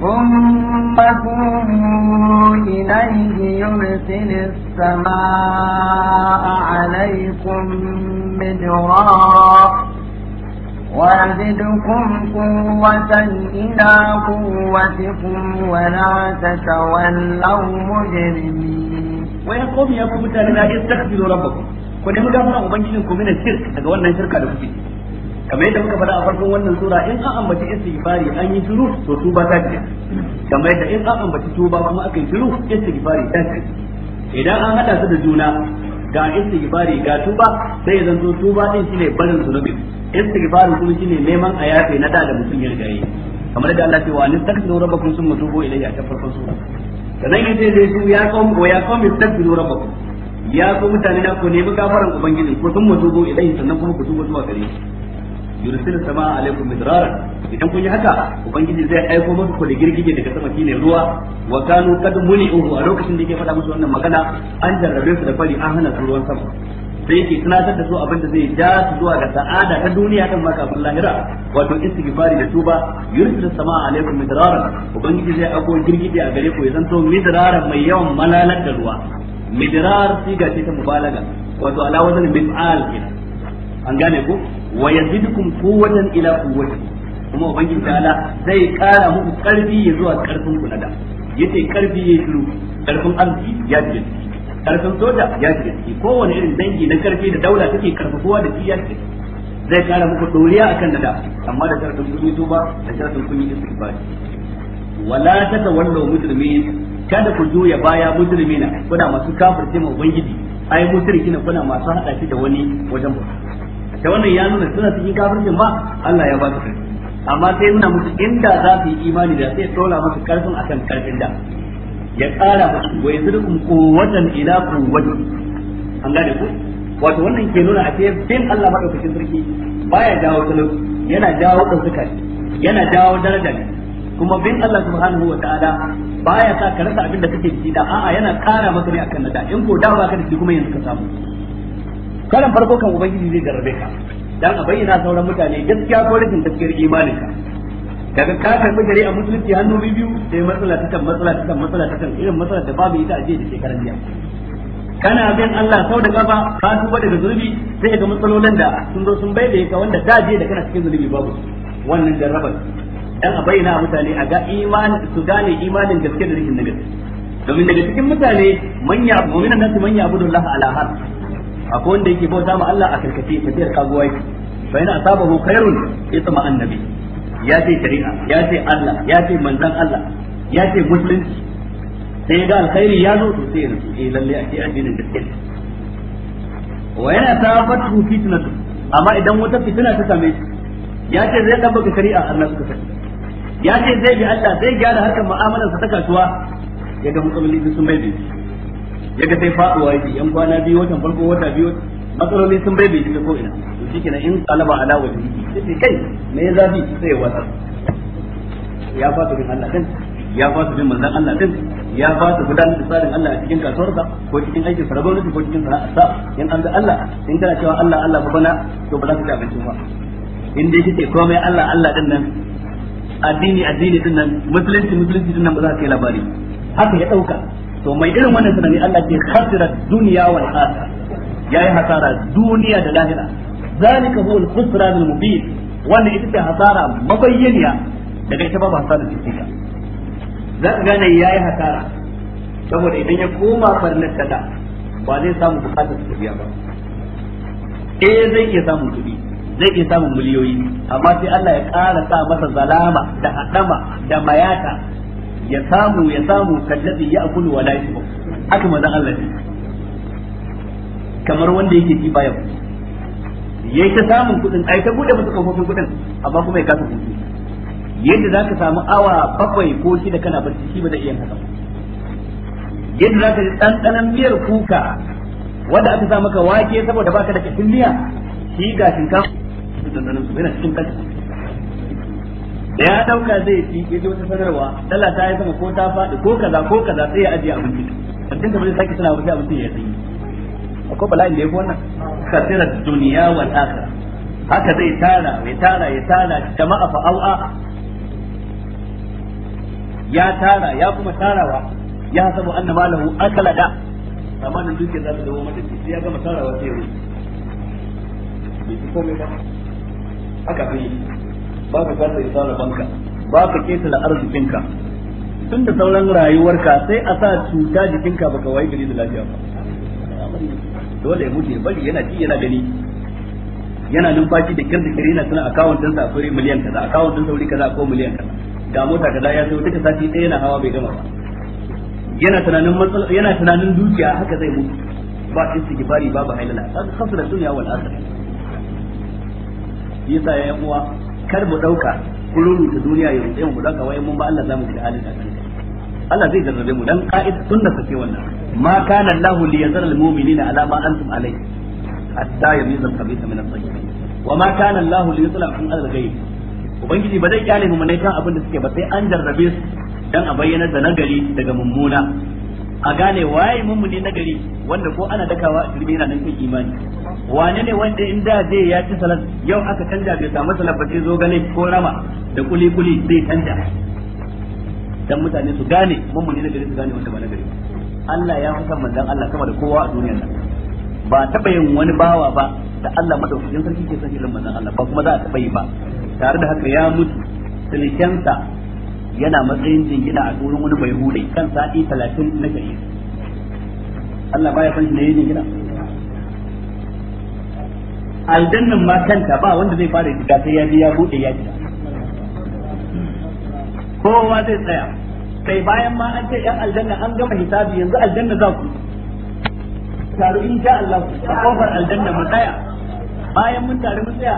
ثم توبوا إليه يرسل السماء عليكم مدرارا وأزدكم قوة إلى قوتكم ولا تتولوا مجرمين ويقوم يا قوم تعالى استغفروا ربكم ku nemi gafaran ubangijin ku mina shirk daga wannan shirka da kuke kamar yadda muka faɗa a farkon wannan sura in an ambaci istighfari an yi shiru to tuba ta ce kamar yadda in an ambaci tuba kuma aka yi shiru istighfari ta ce idan an hada su da juna ga istighfari ga tuba sai zan zo tuba din shine barin zunubi istighfar kuma shine neman a yafe na da da mutum ya rigaye kamar da Allah ya ce wa an taksiru rabbakum summa tubu ilayya ta farkon sura sannan yace dai su ya qawm ko ya qawm istighfar rabbakum ya ku mutane na ku nemi gafaran ubangiji ko summa tubu ilayya sannan kuma ku tubu zuwa gare shi yursil samaa alaikum midrara idan kun yi haka ubangiji zai aiko muku ko da girgije daga sama shine ruwa wa kanu kad muni'u a lokacin da yake faɗa musu wannan magana an jarrabe su da fari an hana ruwan sama sai yake tunatar da su abin da zai ja su zuwa ga sa'ada ta duniya kan ma kafin lahira wato istighfari da tuba yursil sama alaikum midraran ubangiji zai ako girgije a gare ku ya zanto midraran mai yawan malalar da ruwa midrar siga ce ta mubalaga wato ala wazan mif'al kenan an gane ku wa yazidkum quwwatan ila quwwati kuma ubangiji ta'ala zai kara muku karfi ya zuwa karfin ku na da yace karfi ya shiru karfin arziki ya jiki karfin soja ya shiga ciki kowane irin dangi na karfi da daula take karfafuwa da shi ya shiga zai kara muku doriya akan nada amma da karfin kun to ba da sharafin da yi ba. wala tatawallu musulmi, kada ku juya baya na, kuna masu kafirce mu ubangiji ai ne kuna masu hada shi da wani wajen ba da wannan ya nuna suna cikin kafircin ba Allah ya ba su amma sai nuna musu inda za su yi imani da sai tsora musu karfin akan karfin da ya kara musu wa yazidkum quwwatan ila quwwati an gane ku wato wannan ke nuna a cikin bin Allah madaukakin sarki baya dawo talauci yana dawo ɗaukaka yana dawo daraja kuma bin Allah subhanahu wa ta'ala baya sa ka rasa abin da kake ciki da a'a yana ƙara maka ne akan nada in ko da ba ka da shi kuma yanzu ka samu karan farko kan ubangiji zai jarabe ka dan a bayyana sauran mutane gaskiya ko rashin gaskiyar imanin ka daga ka gare a musulunci hannu biyu sai matsala ta kan matsala ta kan matsala ta kan irin matsala da babu ita a jiya da shekaran jiya kana bin Allah sau da gaba ka tuba daga zurbi sai ga matsalolin da sun zo sun baibaye ka wanda da je da kana cikin zurbi babu wannan jarrabar dan a bayyana mutane a ga iman su gane imanin gaske da rikin nabi domin daga cikin mutane manya mu'mina nan su manya abudu Allah ala har akwai wanda yake bauta ma Allah a karkace tafiyar kaguwa yake fa yana asabahu khairun yatma annabi ya ce shari'a ya ce Allah ya ce manzan Allah ya ce musulunci sai ga alkhairi ya zo to sai yanzu eh lalle a ce addinin gaskiya wa yana tafatu fitnatu amma idan wata fitina ta same shi ya ce zai dan baka shari'a na suka saki ya ce zai bi Allah zai gyara harkar mu'amalar sa ta kasuwa ya ga musulunci sun bai bi shi ya ga sai faduwa yake yan kwana biyu watan farko wata biyu matsaloli sun bai bai ta ko ina to shikenan in talaba ala wajhi sai kai me ya zafi sai ya wasa ya fata bin Allah din ya fata bin manzon Allah din ya fata gudanar da tsarin Allah a cikin sa ko cikin aikin sarabauni ko cikin sa in an ga Allah in kana cewa Allah Allah ba bana to ba za ka ci ba in dai kike komai Allah Allah din nan addini addini din nan musulunci musulunci din nan ba za ka yi labari haka ya dauka to mai irin wannan tunani Allah ke khasirar duniya wal akhirah yayi hasara duniya da lahira zalika huwa al-khusran al-mubin wanda ita ce hasara mabayyaniya daga ita babu hasara cikin ka za ka gane yayi hasara saboda idan ya koma farnar kada ba zai samu bukatar su biya ba eh zai iya samun kuɗi zai iya samun miliyoyi amma sai Allah ya ƙara sa masa zalama da haɗama da mayata ya samu ya samu kallabi ya akulu wa lafi haka manzon Allah ne kamar wanda yake ji baya kuɗi yayi ta samun kuɗin ai ta bude masa kafofin kuɗin amma kuma ya kasa kuɗi yadda zaka samu awa bakwai ko shida kana barci shi ba zai iya haka yadda zaka ji ɗanɗanon miyar kuka wanda aka sa maka wake saboda baka da kafin miya shi ga shinkafa su yana cikin da ya dauka zai fi ya ji wata sanarwa dala ta yi sama ko ta faɗi ko kaza ko kaza sai ya ajiye abinci abincin da bai sake suna wata abinci ya tsaye akwai bala'in da ya wannan kasira duniya wal akhirah haka zai tara ya tara ya tara jama'a fa au'a ya tara ya kuma tarawa ya sabu anna malahu akala da zamanin dukiyar za ta dawo mata sai ya gama tarawa sai ya bai ci komai ba haka ba ka kasa ya tsara banka ba ka kesa arzikinka tun da sauran rayuwarka sai a sa cuta jikinka baka wayi gari da lafiya ba dole ya mutu ya bari yana ji yana gani yana numfashi da kirda kare yana suna akawun ɗinsa a kuri miliyan kaza akawun ɗinsa wuri kaza ko miliyan kaza ga mota kaza ya sayo duka sati ɗaya yana hawa bai gama ba yana tunanin matsala yana tunanin dukiya haka zai mutu ba istighfari babu hailala kaga da dunya wal akhirah yasa ya yi uwa kar mu dauka kururu ta duniya yanzu mu dauka wayan mun ba Allah zamu ji halin da Allah zai jarrabe mu dan ka'ida sunna sake wannan ma kana Allah li yazara al mu'minina ala ma antum alayhi hatta yamiza al khabitha min al tayyib wa ma kana Allah li yutlakum al ghaib ubangiji ba zai kyale mu ne kan abin da suke ba sai an jarrabe su dan a bayyana da nagari daga mummuna a gane waye mummuni nagari wanda ko ana dakawa a turbi yana nan kan imani wane ne wanda in da zai ya ci salat yau aka canja bai samu salat ba sai zo gane ko rama da kuli kuli zai canja dan mutane su gane mummuni na gari su gane wanda ba na gari Allah ya fi san manzon Allah sama da kowa a duniyar nan ba taɓa yin wani bawa ba da Allah madaukakin sarki ke san irin manzon Allah ba kuma za a taɓa yi ba tare da haka ya mutu silkensa yana matsayin jingina a gurin wani mai hude kan sa'i 30 na shari'a Allah baya san shi ne jingina aljannan ma kanta ba wanda zai fara shiga sai ya je ya bude ya ji kowa zai tsaya kai bayan ma an ce yan aljanna an gama hisabi yanzu aljanna za ku taru in sha Allah a kofar aljanna mu tsaya bayan mun taru mu tsaya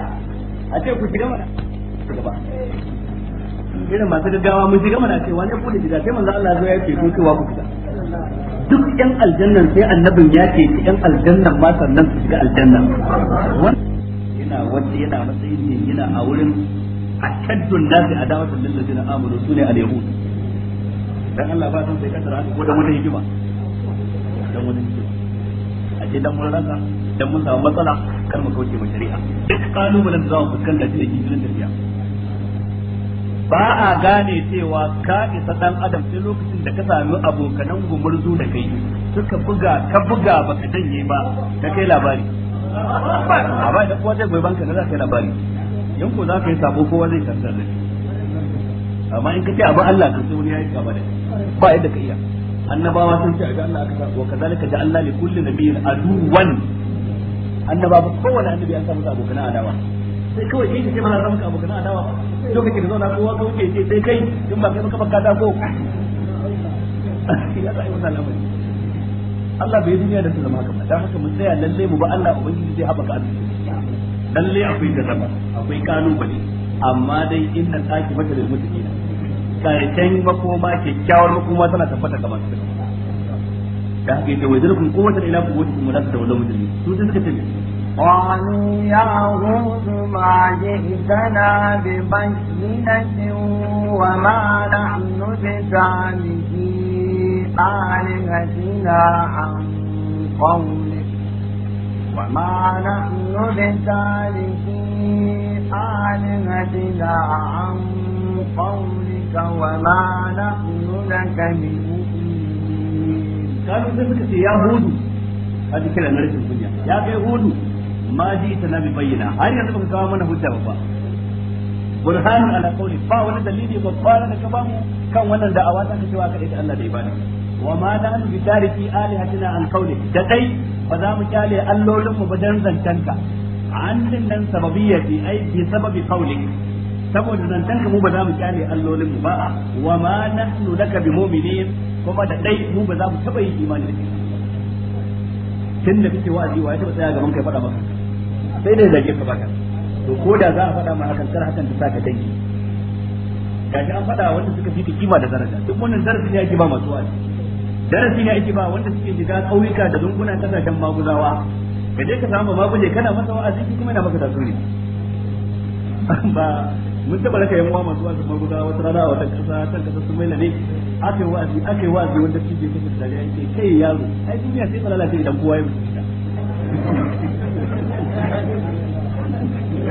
a ce ku shiga mana gaba irin masu gaggawa mun shiga mana ce wani ku da shiga sai manzo Allah zo ya ce ku wa ku shiga duk yan aljannan sai annabin ya ce yan aljannan ma sannan su shiga aljannan wannan yana wanda yana matsayin ne yana a wurin ashaddun nasi adawatan lil ladina amanu sune al dan Allah ba san sai kasara ko dan wani hikima dan wani hikima a ce dan wani rasa dan mun samu matsala kar mu kauce ma shari'a duk kalubalen da za mu fuskanta shi da gidan tafiya ba a gane cewa ka isa dan adam sai lokacin da ka sami abokanan gumurzu da kai suka buga ka buga baka danye ba ka kai labari a bai da kowa zai goyi banka da za ka yi labari in ko za ka yi sabo kowa zai tantar da amma in ka ce abin Allah kan sai wani ya yi kama da ba yadda ka iya annabawa sun ce a ga Allah aka sa wa kazalika da Allah li kulli nabiyyin aduwan annabawa kowanne annabi an samu abokan adawa sai kawai kai ka ce mana zama ka abokan adawa ba lokacin da zauna kowa ka wuce ce sai kai in ba kai baka da ko ya Allah bai yi duniya da su zama haka ba dan haka mun tsaya lalle mu ba Allah ubangiji zai haɓaka arziki Lallai akwai gazaba akwai kalubale amma dai inna taki mata lil mutaqin karshen makoma kyakkyawar kuma tana tabbata ga masu da haka yake wajen kun kowace ila ku wata kuma da wala mutane su sai suka ce قالوا يا هود ما جئتنا ببينة وما نحن آلهتنا عن قولك وما نحن بتاركي آلهتنا عن قولك وما نحن لك بمؤمنين قالوا ذلك يا هود هذه كلمة رجل الدنيا يا هود ما جئتنا ببينة هل يعتبر كمان هدى وفاء burhanin ala qawli ba wani dalili babba da ka bamu kan wannan da'awa ta cewa ka da Allah da ibada wa ma da an bitariki alihatina an kauli da kai ba za mu kyale allolin mu badan zantanka an din nan sababiyya bi ai bi sababi saboda zantanka mu ba za mu kyale allolin mu wa ma nahnu laka bi mu'minin kuma da kai mu ba za mu taba yin imani da tun da wa ya faɗa sai dai ka to ko da za a faɗa ma hakan kar hakan ta ka dangi gashi an faɗa wanda suka fi kima da daraja duk wannan darasi ne ake ba masu wa'azi darasi ne ake ba wanda suke shiga kauyuka da ta kasashen maguzawa ka je ka samu maguje kana masa wa'azi aziki kuma yana masa ne. [LAUGHS] ba mun taba raka yan uwa masu wasu maguzawa wata rana a wata kasa ta kasa su maila ne aka yi wa'azi aka yi wa'azi wanda suke da tare yake kai yaro ai duniya sai ta lalace idan kowa ya mutu [LAUGHS]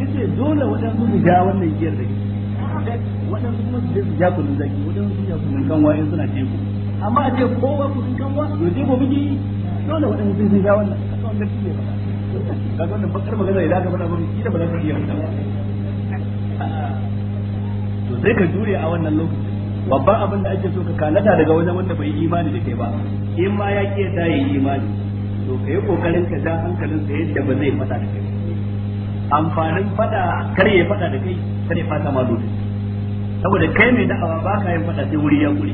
yace dole wajen mu ga wannan giyar da ke waɗansu kuma su je su ja kunun zaki waɗansu su ja kunun kanwa in suna teku amma a ce kowa kunun kanwa to teku muke yi dole waɗansu sun sun ja wannan haka wanda su ne faɗa kaga wannan bakar magana idan ka faɗa ba shi da ba za ka iya faɗa to sai ka jure a wannan lokacin babban abin da ake so ka kanada daga wajen wanda bai imani da kai ba in ma ya ƙi ta yi imani to ka yi kokarin ka ja hankalin sa yadda ba zai faɗa da kai amfanin faɗa kar ya faɗa da kai kar ya fata ma lokaci saboda kai mai da'awa ba ka yin fada sai wuri ya kure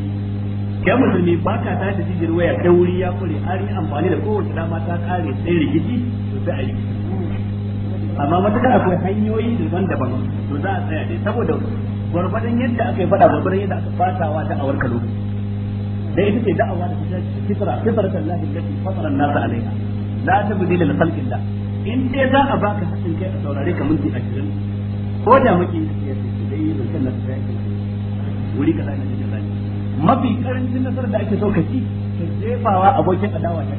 kai musulmi ba ka tashi jijiyar waya kai wuri ya kure an yi amfani da kowace dama ta kare sai rikici to sai a yi amma matuƙa akwai hanyoyi daban-daban to za a tsaya dai saboda gwargwadon yadda aka yi fada gwargwadon yadda aka fatawa da'awar ka lokaci dai ita ce da'awa da ta fitra fitratan lahi allati fatara na nasa alaiha la tabdila li da in dai za a baka hakkin kai a saurare ka minti 20 ko da muke cikin nasara wuri kaza ne cikin zani mafi karancin nasarar da ake so ka ka jefawa abokin adawa ka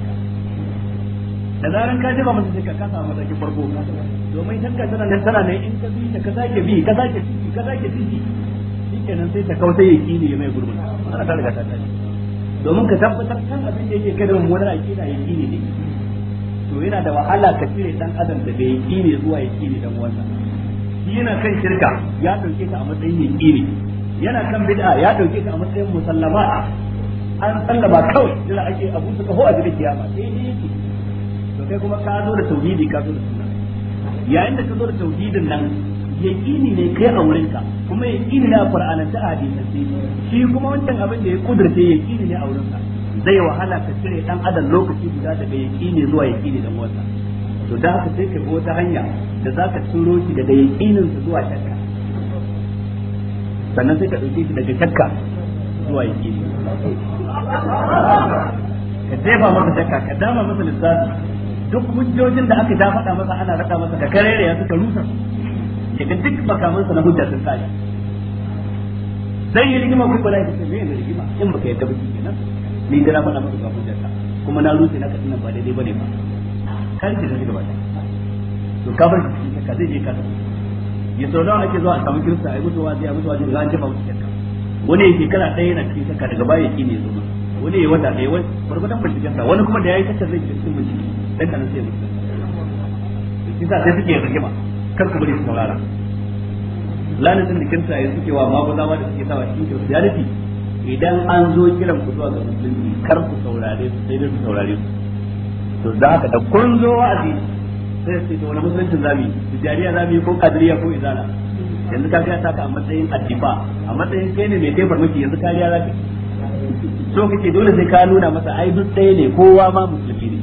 da zaran ka jefa masa sai ka kasa matakin farko domin tanka tana nan tana nan in ka bi ta ka sake bi ka sake ciki ka sake ciki shikenan sai ta kauta ya kini ya mai gurbin ana ta riga ta tashi domin ka tabbatar kan abin da yake kai da mummunar aqida ya kini ne to yana da wahala ka cire dan adam da bai kini zuwa ya kini dan wannan yana kan shirka ya dauke ta a matsayin ne yana kan bid'a ya dauke ta a matsayin musallama an sallama kawai jira ake abu suka kaho a jirgin kiyama sai ne yake to kai kuma ka zo da tauhidi ka zo da sunna yayin da ka zo da tauhidin nan yaqini ne kai a wurin ka. kuma yaqini ne a qur'ani a hadisi shi kuma wancan abin da ya kudurce yaqini ne a wurin ka, zai wahala ka cire dan adam lokaci guda daga yaqini zuwa yaqini da wata to da haka sai ka bi wata hanya da za ka turo shi daga yaƙinin su zuwa shakka sannan sai ka ɗauke shi daga shakka zuwa yaƙini ka jefa masa shakka ka dama masa lissafi duk hujjojin da aka ja faɗa masa ana raɗa masa ka karere ya suka rusa daga duk makamansa na hujja sun tsari zai yi rigima ko bala'i sai zai yi rigima in baka yadda ba kenan ni da na faɗa masa ga hujjarka kuma na rusa na ka nan ba daidai ne ba ka rike da gaba to ka bar ka zai je ka ya sau nawa ake zuwa a samu kirista a yi musu wazi a musu wazi da an jefa musu shakka wani ya shekara ɗaya yana cikin shakka daga baya ya ƙi ne ya zo wani ya wata ɗaya wani barkwatan bincikensa wani kuma da ya yi tattar zai cikin bincike dan kanan sai ya mutu shi sa sai suke rigima kar ku bari su saurara lanatin da kirista ya suke wa maguzawa da suke sawa cikin kirista ya idan an zo kiran ku zuwa ga musulunci kar ku saurare su sai dai ku saurare su to da haka da kun zo wa'azi sai sai to wani musuluncin zamu yi tijariya zamu ko kadiriya ko izala yanzu ka ga saka a matsayin addiba a matsayin kai ne mai kai farmaki yanzu kariya zaka so kake dole sai ka nuna masa ai duk ɗaya ne kowa ma musulmi ne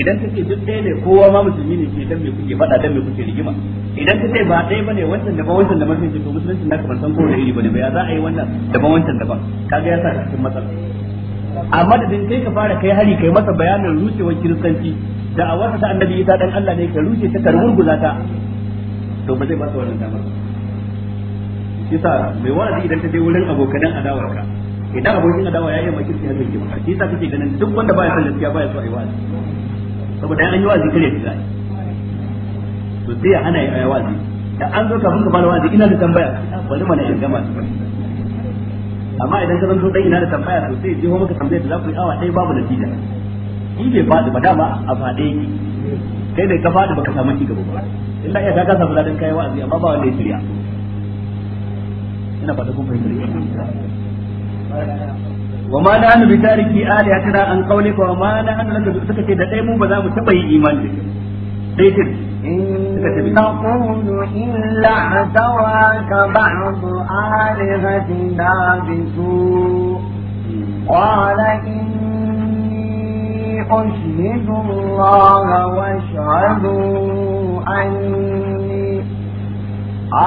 idan kace duk ɗaya ne kowa ma musulmi ne ke dan me kuke faɗa dan me kuke rigima idan kace ba ɗaya bane wancan daban wancan daban sai to musulunci naka ban san ko da iri bane ba ya za a yi wannan daban wancan daban kaga ya sa cikin matsala a madadin kai ka fara kai hari kai masa bayanin rushewar kiristanci da a wata ta annabi ita dan Allah ne ka rushe ta karmurguza ta to ba zai ba su wannan damar kisa mai wa'azi idan ta je wurin abokanan ka idan abokin adawa ya yi maki sai haka ke maka kisa kake ganin duk wanda ba ya son gaskiya ya so a yi saboda an yi wa'azi kare ta zai to sai ya hana ya da an zo kafin ka fara wazi ina da tambaya bari mana in gama su amma idan ka zanto dan ina da tambaya to sai jiho maka tambaya da za ku yi awa ɗaya babu natija shi bai faɗi ba dama a faɗe yake kai ne ka faɗi baka samu cigaba ba da iya ka kasa samu ladan kai wa'azi amma ba wanda ya shirya ina fata kun fahimta wa ma nahnu bi tariki tana an qawlika wa ma nahnu laka suka ce da dai mu ba za mu taba yi imani da sai dai in الكتب تقول إن اعتواك بعض آلهتنا بسوء قال إني أشهد الله واشهد أني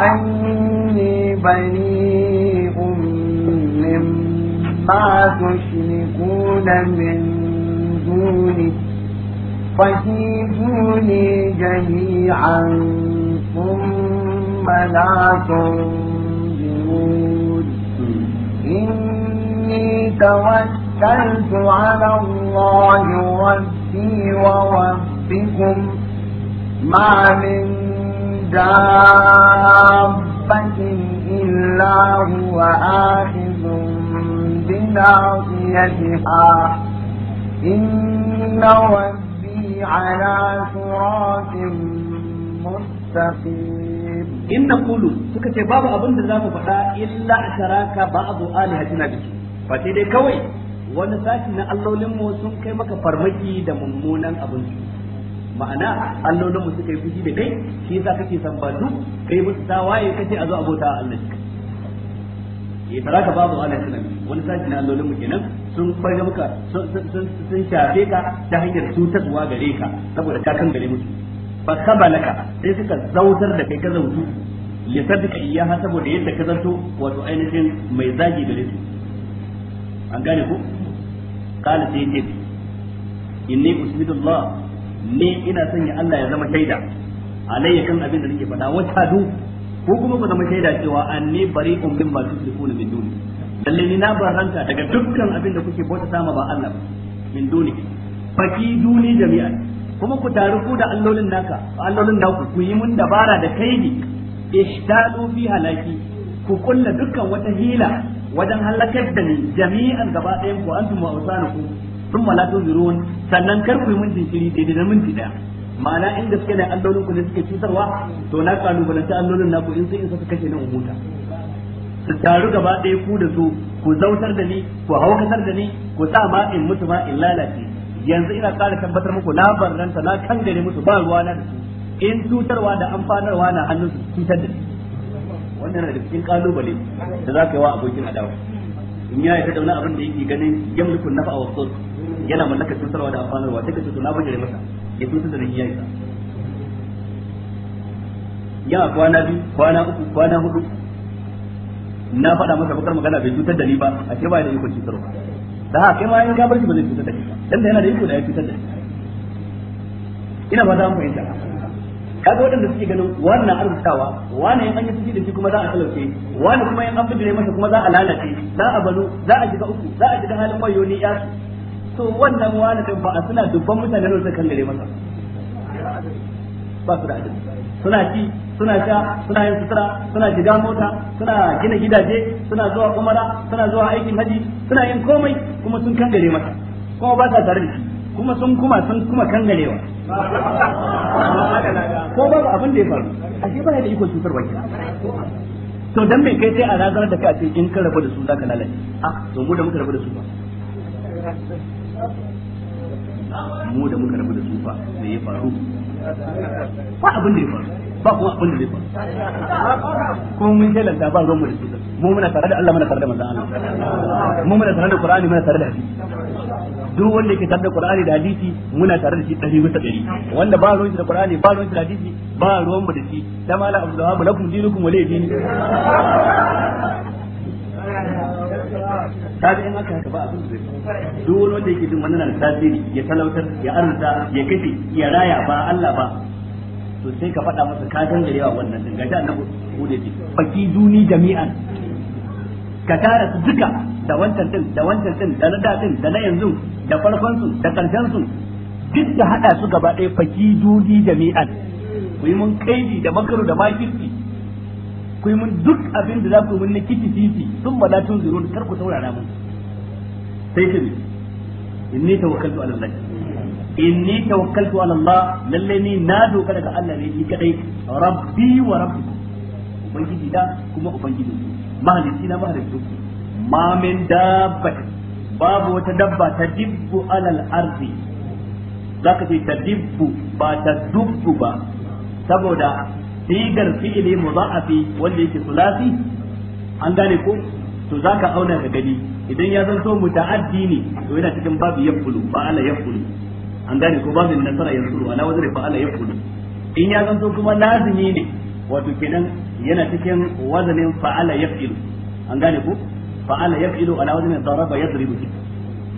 أني بريء مما تشركون من دونه فكيدوني جميعا ثم لا تنظرون إني توكلت على الله ربي وربكم ما من دابة إلا هو آخذ بناصيتها إن ربي على صراط مستقيم in na kulu suka ce babu abin da za mu faɗa illa a sharaka ba'adu alihatina biki ba sai dai kawai wani sashi na allolinmu sun kai maka farmaki da mummunan abin ma'ana allolinmu suka yi fushi da kai shi yasa kake san bandu kai musu tawaye kace a zo abota a Allah shi ya saraka babu alihatina biki wani sashi na allolinmu kenan sun farga maka sun shafe ka ta hanyar cutarwa gare ka saboda ka kan gare musu na ka sai suka zautar da kai ka zautu li ka iyaha saboda yadda ka zanto wato ainihin mai zagi gare su an gane ku kala sai ce inni usmidullah ne ina sanya Allah ya zama shaida alayya kan abin da nake faɗa wata du ko kuma ku zama shaida cewa anni bari'un mimma tusrifuna min duni lalle ni na ranka daga dukkan abin da kuke bauta sama ba Allah min duni faki duni jami'an kuma ku taru ku da allolin naka allolin naku ku yi mun dabara da kaidi ihtalu fi halaki ku kulla dukkan wata hila wajen halakar da ni jami'an gaba ɗayan ku antum wa usanukum sun mala tunzirun sannan kar ku yi mun jinkiri daidai da minti daya ma'ana inda suke ne allolin ku ne suke cutarwa to na kalubalanta allolin naku in sun isa su kashe nan umuta su taru gaba ɗaya ku da su ku zautar da ni ku haukatar da ni ku sa ma in mutu ma in lalace yanzu ina ƙara tabbatar muku na barranta na kangare musu ba ruwa na da su in cutarwa da amfanarwa na hannun su cutar da ni wannan da cikin kalubale da za ka yi wa abokin adawa in ya yi tattauna abin da yake ganin yamlikun nafa wa wasu yana mallaka cutarwa da amfanarwa ta ka cutar na bugare masa ya cutar da ni ya sa. ya kwana biyu kwana uku kwana hudu na faɗa masa bakar magana bai cutar da ni ba a ke ba da iko ba da haka kai ma in ka barci ba zai cutar da ni ba dan da yana da iko da ya cutar da ni ina ba za mu fahimta kaga waɗanda suke ganin wannan arzikawa wani yan an yi da shi kuma za a talauce wani kuma yan an bijire masa kuma za a lalace za a balo za a shiga uku za a shiga halin wayo ne ya to wannan wani ba a suna dubban mutane da suka kangare masa ba su da adalci suna ci suna sha suna yin sutura suna shiga mota suna gina gidaje suna zuwa umara suna zuwa aikin haji suna yin komai kuma sun kangare masa kuma ba sa tare da shi kuma sun kuma sun kuma kangarewa ko babu abin da ya faru a ashe ba da iko cutar wakil to dan me kai sai a razanar da kai a in ka rabu da su zaka lalace a to mu da muka rabu da su ba mu da muka rabu da su ba me ya faru ba abin da ya faru ba kuma abin da zai faru kuma mun yi shelanta ba ruwan mu da su mu muna tare da Allah muna tare da manzon Allah mu muna tare da Qur'ani muna tare da hadisi duk wanda yake tare da Qur'ani da hadisi muna tare da shi ɗari bisa ɗari wanda ba ruwan shi da Qur'ani ba ruwan shi da hadisi ba ruwan mu da shi da mala Abdul Wahab lakum dinukum waliy dini kaga in aka haka ba abin zai duk wanda yake jin wannan tasiri ya talautar ya arzuta ya kashe ya raya ba Allah ba to sai ka faɗa masa ka yawa wannan din gashi annabi hude ce faki duni jami'an ka tara su duka da wancan din da wancan din da na din da na yanzu da farkon su da karshen su duk da hada su gaba ɗaya faki duni jami'an ku yi mun kaidi da makaru da makirci ku yi mun duk abin da za ku mun na kiti titi sun ba da tun zuru kar ku saurara mun sai ka bi inni tawakkaltu ala Allah inni tawakkaltu ala Allah lalle ni na doka daga Allah ne ni kadai rabbi wa rabbukum ubangiji da kuma ubangiji mahalicci na mahalicci ma min dabbat babu wata dabba ta dibbu alal ardi zaka ce ta dibbu ba ta dubbu ba saboda digar fi'ili mudha'afi wanda yake sulasi an gane ko to zaka auna ka gani idan ya zanto muta'addi ne to yana cikin babu yaqulu ba ala yaqulu an gane ko ba min nasara yanzu yansuru ala wazri fa ya yaqulu in ya zanto kuma lazimi ne wato kenan yana cikin wazanin ya yaf'ilu an gane ko fa'ala yaf'ilu ala wazanin daraba yadribu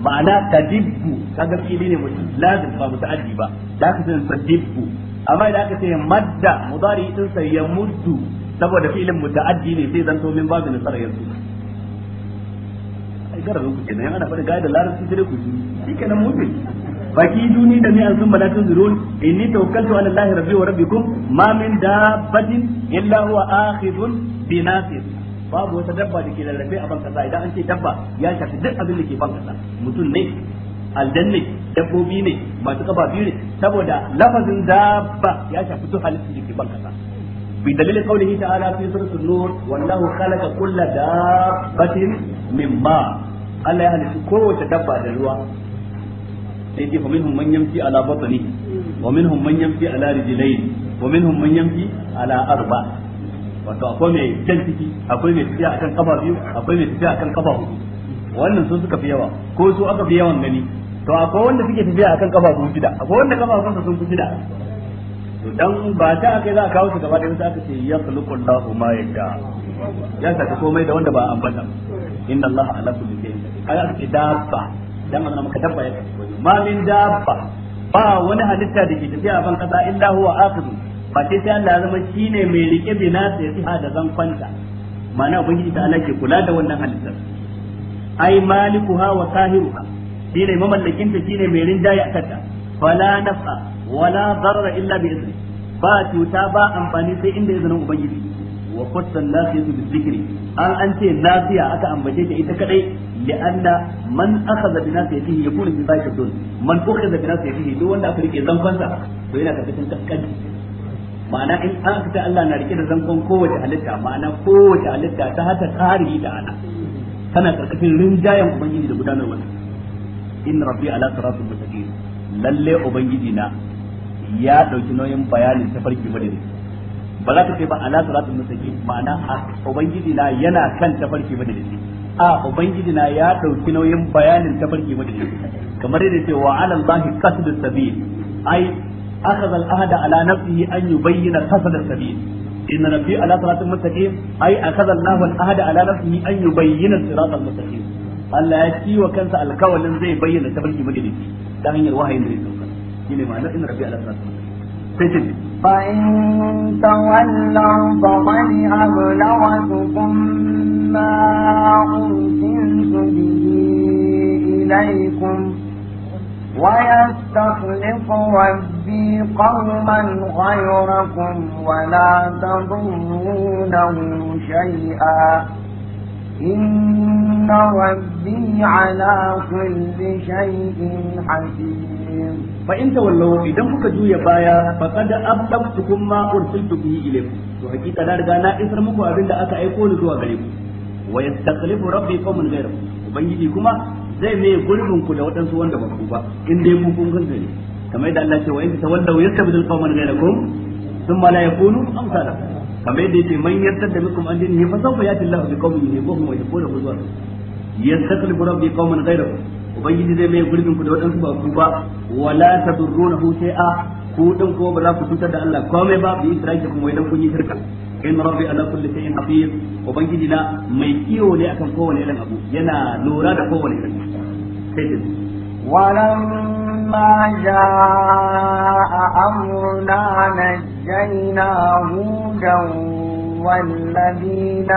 ma'ana tadibbu kaga fili ne mutum lazim ba muta'addi ba da ka san tadibbu amma idan aka ce madda mudari din sai ya muddu saboda filin muta'addi ne sai zanto min ba babu nasara yanzu ai garazin ku kenan ana fara ga'idar larabci sai ku ji shi kenan mutum فكيدوني جميعا ثم لا تنظرون إني توكلت على الله ربي وربكم ما من دابة إلا هو آخذ بناصر babu wata dabba da ke lallabe a bankasa idan an ce dabba ya shafi duk abin da ke bankasa mutum ne aldan ne dabbobi ne masu kaba biyu ne saboda lafazin dabba ya shafi duk halittu da ke bankasa bi dalilin kaulihi ta'ala fi suratul nur wallahu khalaqa kulla dabbatin mimma Allah ya halitta kowace dabba da ruwa sai ce faminhum man yamshi ala batni wa minhum man yamshi ala rijlayn wa minhum man yamshi ala arba wato akwai mai jan ciki akwai mai tafiya akan kafa biyu akwai mai tafiya akan kafa hudu wannan sun suka fi yawa ko su aka fi yawan gani to akwai wanda suke tafiya akan kafa hudu shida akwai wanda kafa hudu sun fi shida to dan ba ta aka za a kawo su gaba da sai aka ce ya khuluqu Allahu ma yadda ya ta ta komai da wanda ba an bata inna Allah ala kulli shay'in kaga aka ce dabba dan Allah maka dabba ya kace ma min dabba ba wani halitta da ke tafiya a ban kasa illa huwa akhidhu ba sai sai Allah ya zama shine mai rike bina sai ya da zan kwanta Mana ubangiji ta Allah ke kula da wannan halittar ai malikuha wa sahiruha shine mamallakin ta shine mai rinjaye a kanta wala nafa wala darra illa bi izni ba cuta ba amfani sai inda izinin ubangiji wa fassal lafiyatu bi dhikri an an ce lafiya aka ambace ta ita kadai لأن من أخذ بناصيته يكون في ذلك الدون من أخذ بناصيته دون wanda aka rike zankonsa to yana kafin kaskanci ma'ana in an fita Allah na rike da zankon kowace halitta ma'ana kowace halitta ta hata tsari da ana tana karkashin rinjayen ubangiji da gudanar wata in rabbi ala siratul mustaqim lalle ubangiji na ya dauki bayanin tafarki ba za ka ba ala siratul mustaqim ma'ana ubangiji na yana kan tafarki madadi a ubangiji na ya dauki nauyin bayanin tafarki madadin kamar yadda ce wa ala allahi qasd sabil ai akhadha al ahda ala nafsihi an yubayyana qasd sabil inna rabbi ala siratin mustaqim ai akhadha allahu al ahda ala nafsihi an yubayyana siratal mustaqim Allah ya ci wa kansa alkawalin zai bayyana tafarki madadin ta hanyar wahayin da ya sauka shine ma'anar inna rabbi ala siratin sai ce فإن تولوا فقد أبلغتكم ما أرسلت به إليكم ويستخلف ربي قوما غيركم ولا تضرونه شيئا إن ربي على كل شيء حكيم فإن تولوا إذا كنت جوية بايا فقد أبلغتكم ما أرسلت به إليكم وحقيقة لا رجعنا إسر مكو أبين لأكا يقول دوا غريبكم ويستقلب ربي قوم غيره وبنجي كما zai mai gurbin ku da waɗansu wanda ba ku ba in dai mu kun ganta ne kamar yadda Allah ce wa in tawallu yastabdil qauman ghayrakum thumma la yakunu amsalakum kamar yadda yake man yartar da minkum an dinihi fa sawfa yati Allahu bi qaumin yuhibbuhum wa yuhibbunahu zuwa yastakhlif rabbi qauman ghayrakum ubangiji zai mai gurbin ku da wadansu ba ku ba wala tadurrunahu shay'a ku din ko ba za ku tutar da Allah komai ba bi israki kuma idan kun yi shirka in rabbi ala kulli shay'in hafiz ubangiji na mai kiyo ne akan kowane irin abu yana lura da kowane irin sai ولما فلما جاء أمرنا نجينا هودا والذين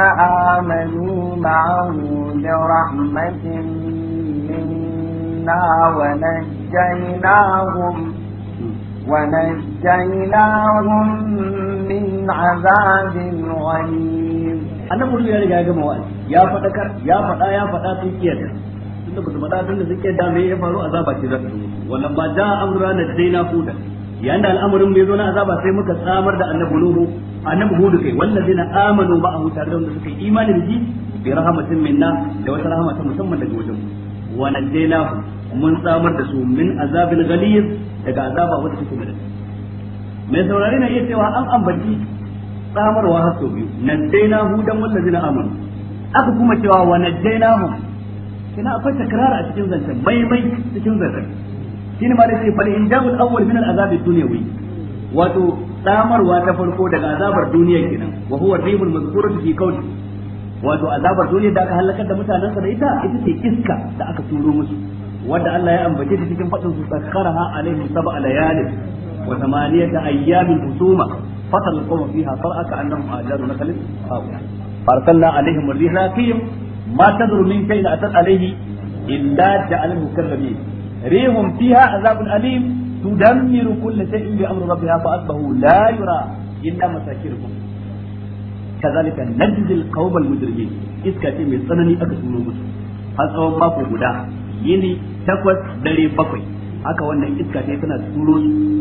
آمنوا معه برحمة منا ونجيناهم ونجيناهم من عذاب غليظ أنا مريد يا جماعة يا فتكر يا فتا يا فتا تكير tunda ba su faɗa abin da suke da me ya faru azaba ce za ta wannan ba ja amruna nadaina huda yayin da al'amarin mai zo na azaba sai muka samar da annabi nuhu annabi hudu kai wallazina amanu ma'ahu tare da wanda suka yi imani da shi bi rahmatin minna da wata rahama ta musamman daga wajen wa nadaina mun samar da su min azabil ghaliz daga azaba wanda take mai mai saurare na iya cewa an ambaci samarwa har sau biyu dan hudan wallazina amanu aka kuma cewa wa nadaina kina akwai takrara a cikin zancen maimai cikin zancen shine ma dai fal injabul awwal min al-azab ad-dunyawi wato samarwa ta farko daga azabar duniya kenan wa huwa ribul mazkuratu fi qawli wato azabar duniya da aka halakar da mutanen sa da ita ita ce iska da aka turo musu wanda Allah ya ambace ta cikin fadin su sakkaraha alaihim sab'a layalin wa thamaniyata ayyamin husuma fatal far'a ما تذر من شيء أتت عليه إلا جعله كالرميم ريح فيها عذاب أليم تدمر كل شيء بأمر ربها فأصبحوا لا يرى إلا مساكنهم كذلك نجزي القوم المجرمين iska ce mai tsanani aka tuno musu har tsawon mako guda yini takwas dare bakwai haka wannan iska ce tana turo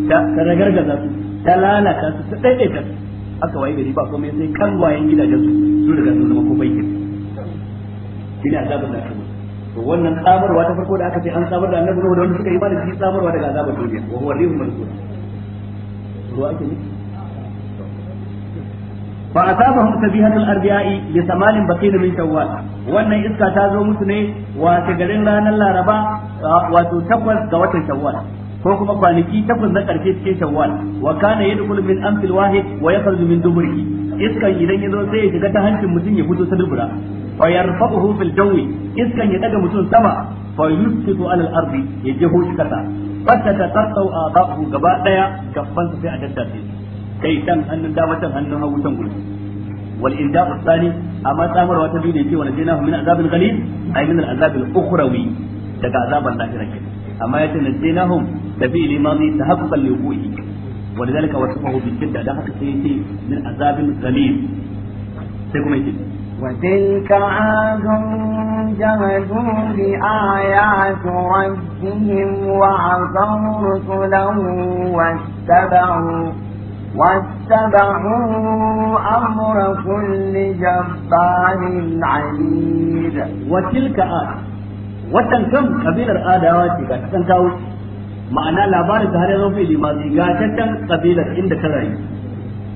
ta ragargaza su ta lalata su ta daidaita su aka waye gari ba komai sai kan wayan gidajen su sun riga sun zama ko bai shine azabar da aka musu to wannan tsamarwa ta farko da aka ce an tsamar da annabi Nuhu da wanda suka yi imani shi tsamarwa daga azabar duniya wa huwa rihum mansur ruwa ake ni fa asabahum tabihatul arbiya'i li samalin baqina min shawwal wannan iska ta zo musu ne ta garin ranar laraba wato takwas ga watan shawwal ko kuma kwanaki takwas na karshe cikin shawwal wa kana yadkhulu min amsil wahid wa yakhruju min dubrihi iskan idan yazo sai ya shiga ta hancin mutum ya fito ta dubura fa yarfa'uhu fil jawi iskan ya daga mutum sama fa yusqitu ala al ardi ya jeho shi kasa fasta ta tartau adahu gaba daya gaban sai a daddace kai dan hannun dama tan hannun hagu tan gudu wal injab tsani amma tsamarwa ta biyu ne cewa najina min azabil qalil ay min daga azaban lahira kenan amma yace da bi limami tahaqqan li wuqihi ولذلك وصفه بالشدة ده حتى من عذاب غليظ سيكون يجب وتلك عاد جهدوا بآيات ربهم وعصوا رسله واتبعوا واتبعوا أمر كل جبار عنيد وتلك آد وتنكم قبيلة آدوات كتنكوش ma'ana labarin ta har yanzu bai limazi ga tattan kabilar inda ta rayu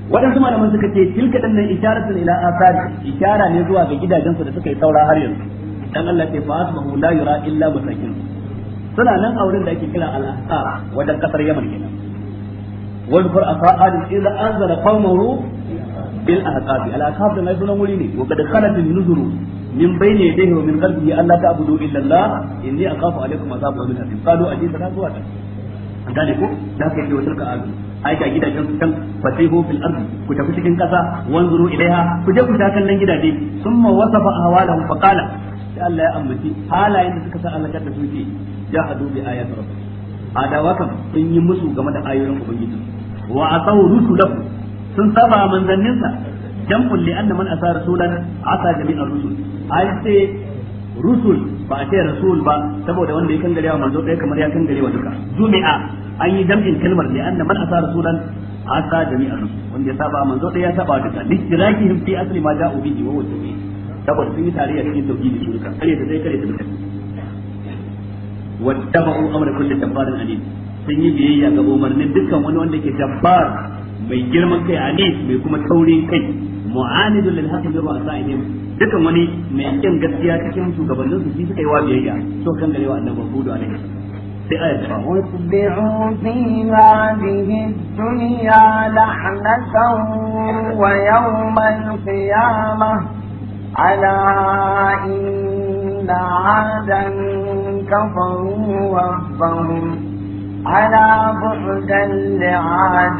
waɗansu malaman suka ce tilka ɗan nan isharatun ila asari ishara ne zuwa ga gidajensu da suka yi saura har yanzu dan Allah ce fa asbahu la yura illa masakin suna nan a wurin da ake kira al-ahsar wajen kasar Yaman kenan واذكر أخا آدم ne أنزل قومه بالأحقاب الأحقاب لا يكون وليني وقد خلت النذر من بين يديه ومن قلبه ألا تعبدوا إلا الله إني أخاف عليكم عذاب يوم zuwa ta. أجيب ko قوة ذلك ذاك wa تلك آدم aika gidajen su kan fasihu fil ardi ku tafi cikin kasa wanzuru ilaiha ku je ku ta kallon gidaje summa wasafa ahwalahum fa qala ya Allah ya ambaci halayen da suka san Allah da su ce hadu bi ayati rabbi adawa sun yi musu game da ayoyin ubangiji wa asau rusulahu sun saba manzanninsa jam'un li anna man asa rasulan asa jami'ar rusul ai sai rusul ba a ce rasul ba saboda wanda ya wa manzo ɗaya kamar ya wa duka jumi'a an yi jam'in kalmar ne da man asa rasulan asa jami'a rusul wanda ya saba manzo ɗaya ya saba duka lijirakihim fi asali ma ja'u bihi wa wajibi saboda sun yi tarayya cikin tauhidi da shirka kare da sai kare da mutane wattaba'u amra kulli jabbarin alim sun yi biyayya ga umarnin dukkan wani wanda ke jabbar mai girman kai alim mai kuma taurin kai mu'anidul lil haqqi bi ra'sa'ihim dukan wani mai kin gaskiya cikin shugabannin su shi suka yi wa biyayya so kan garewa annabi hudu alaihi sai ayat ta utbi'u fi hadhihi dunya lahnatan wa yawmal qiyamah ala على بعدا لعاد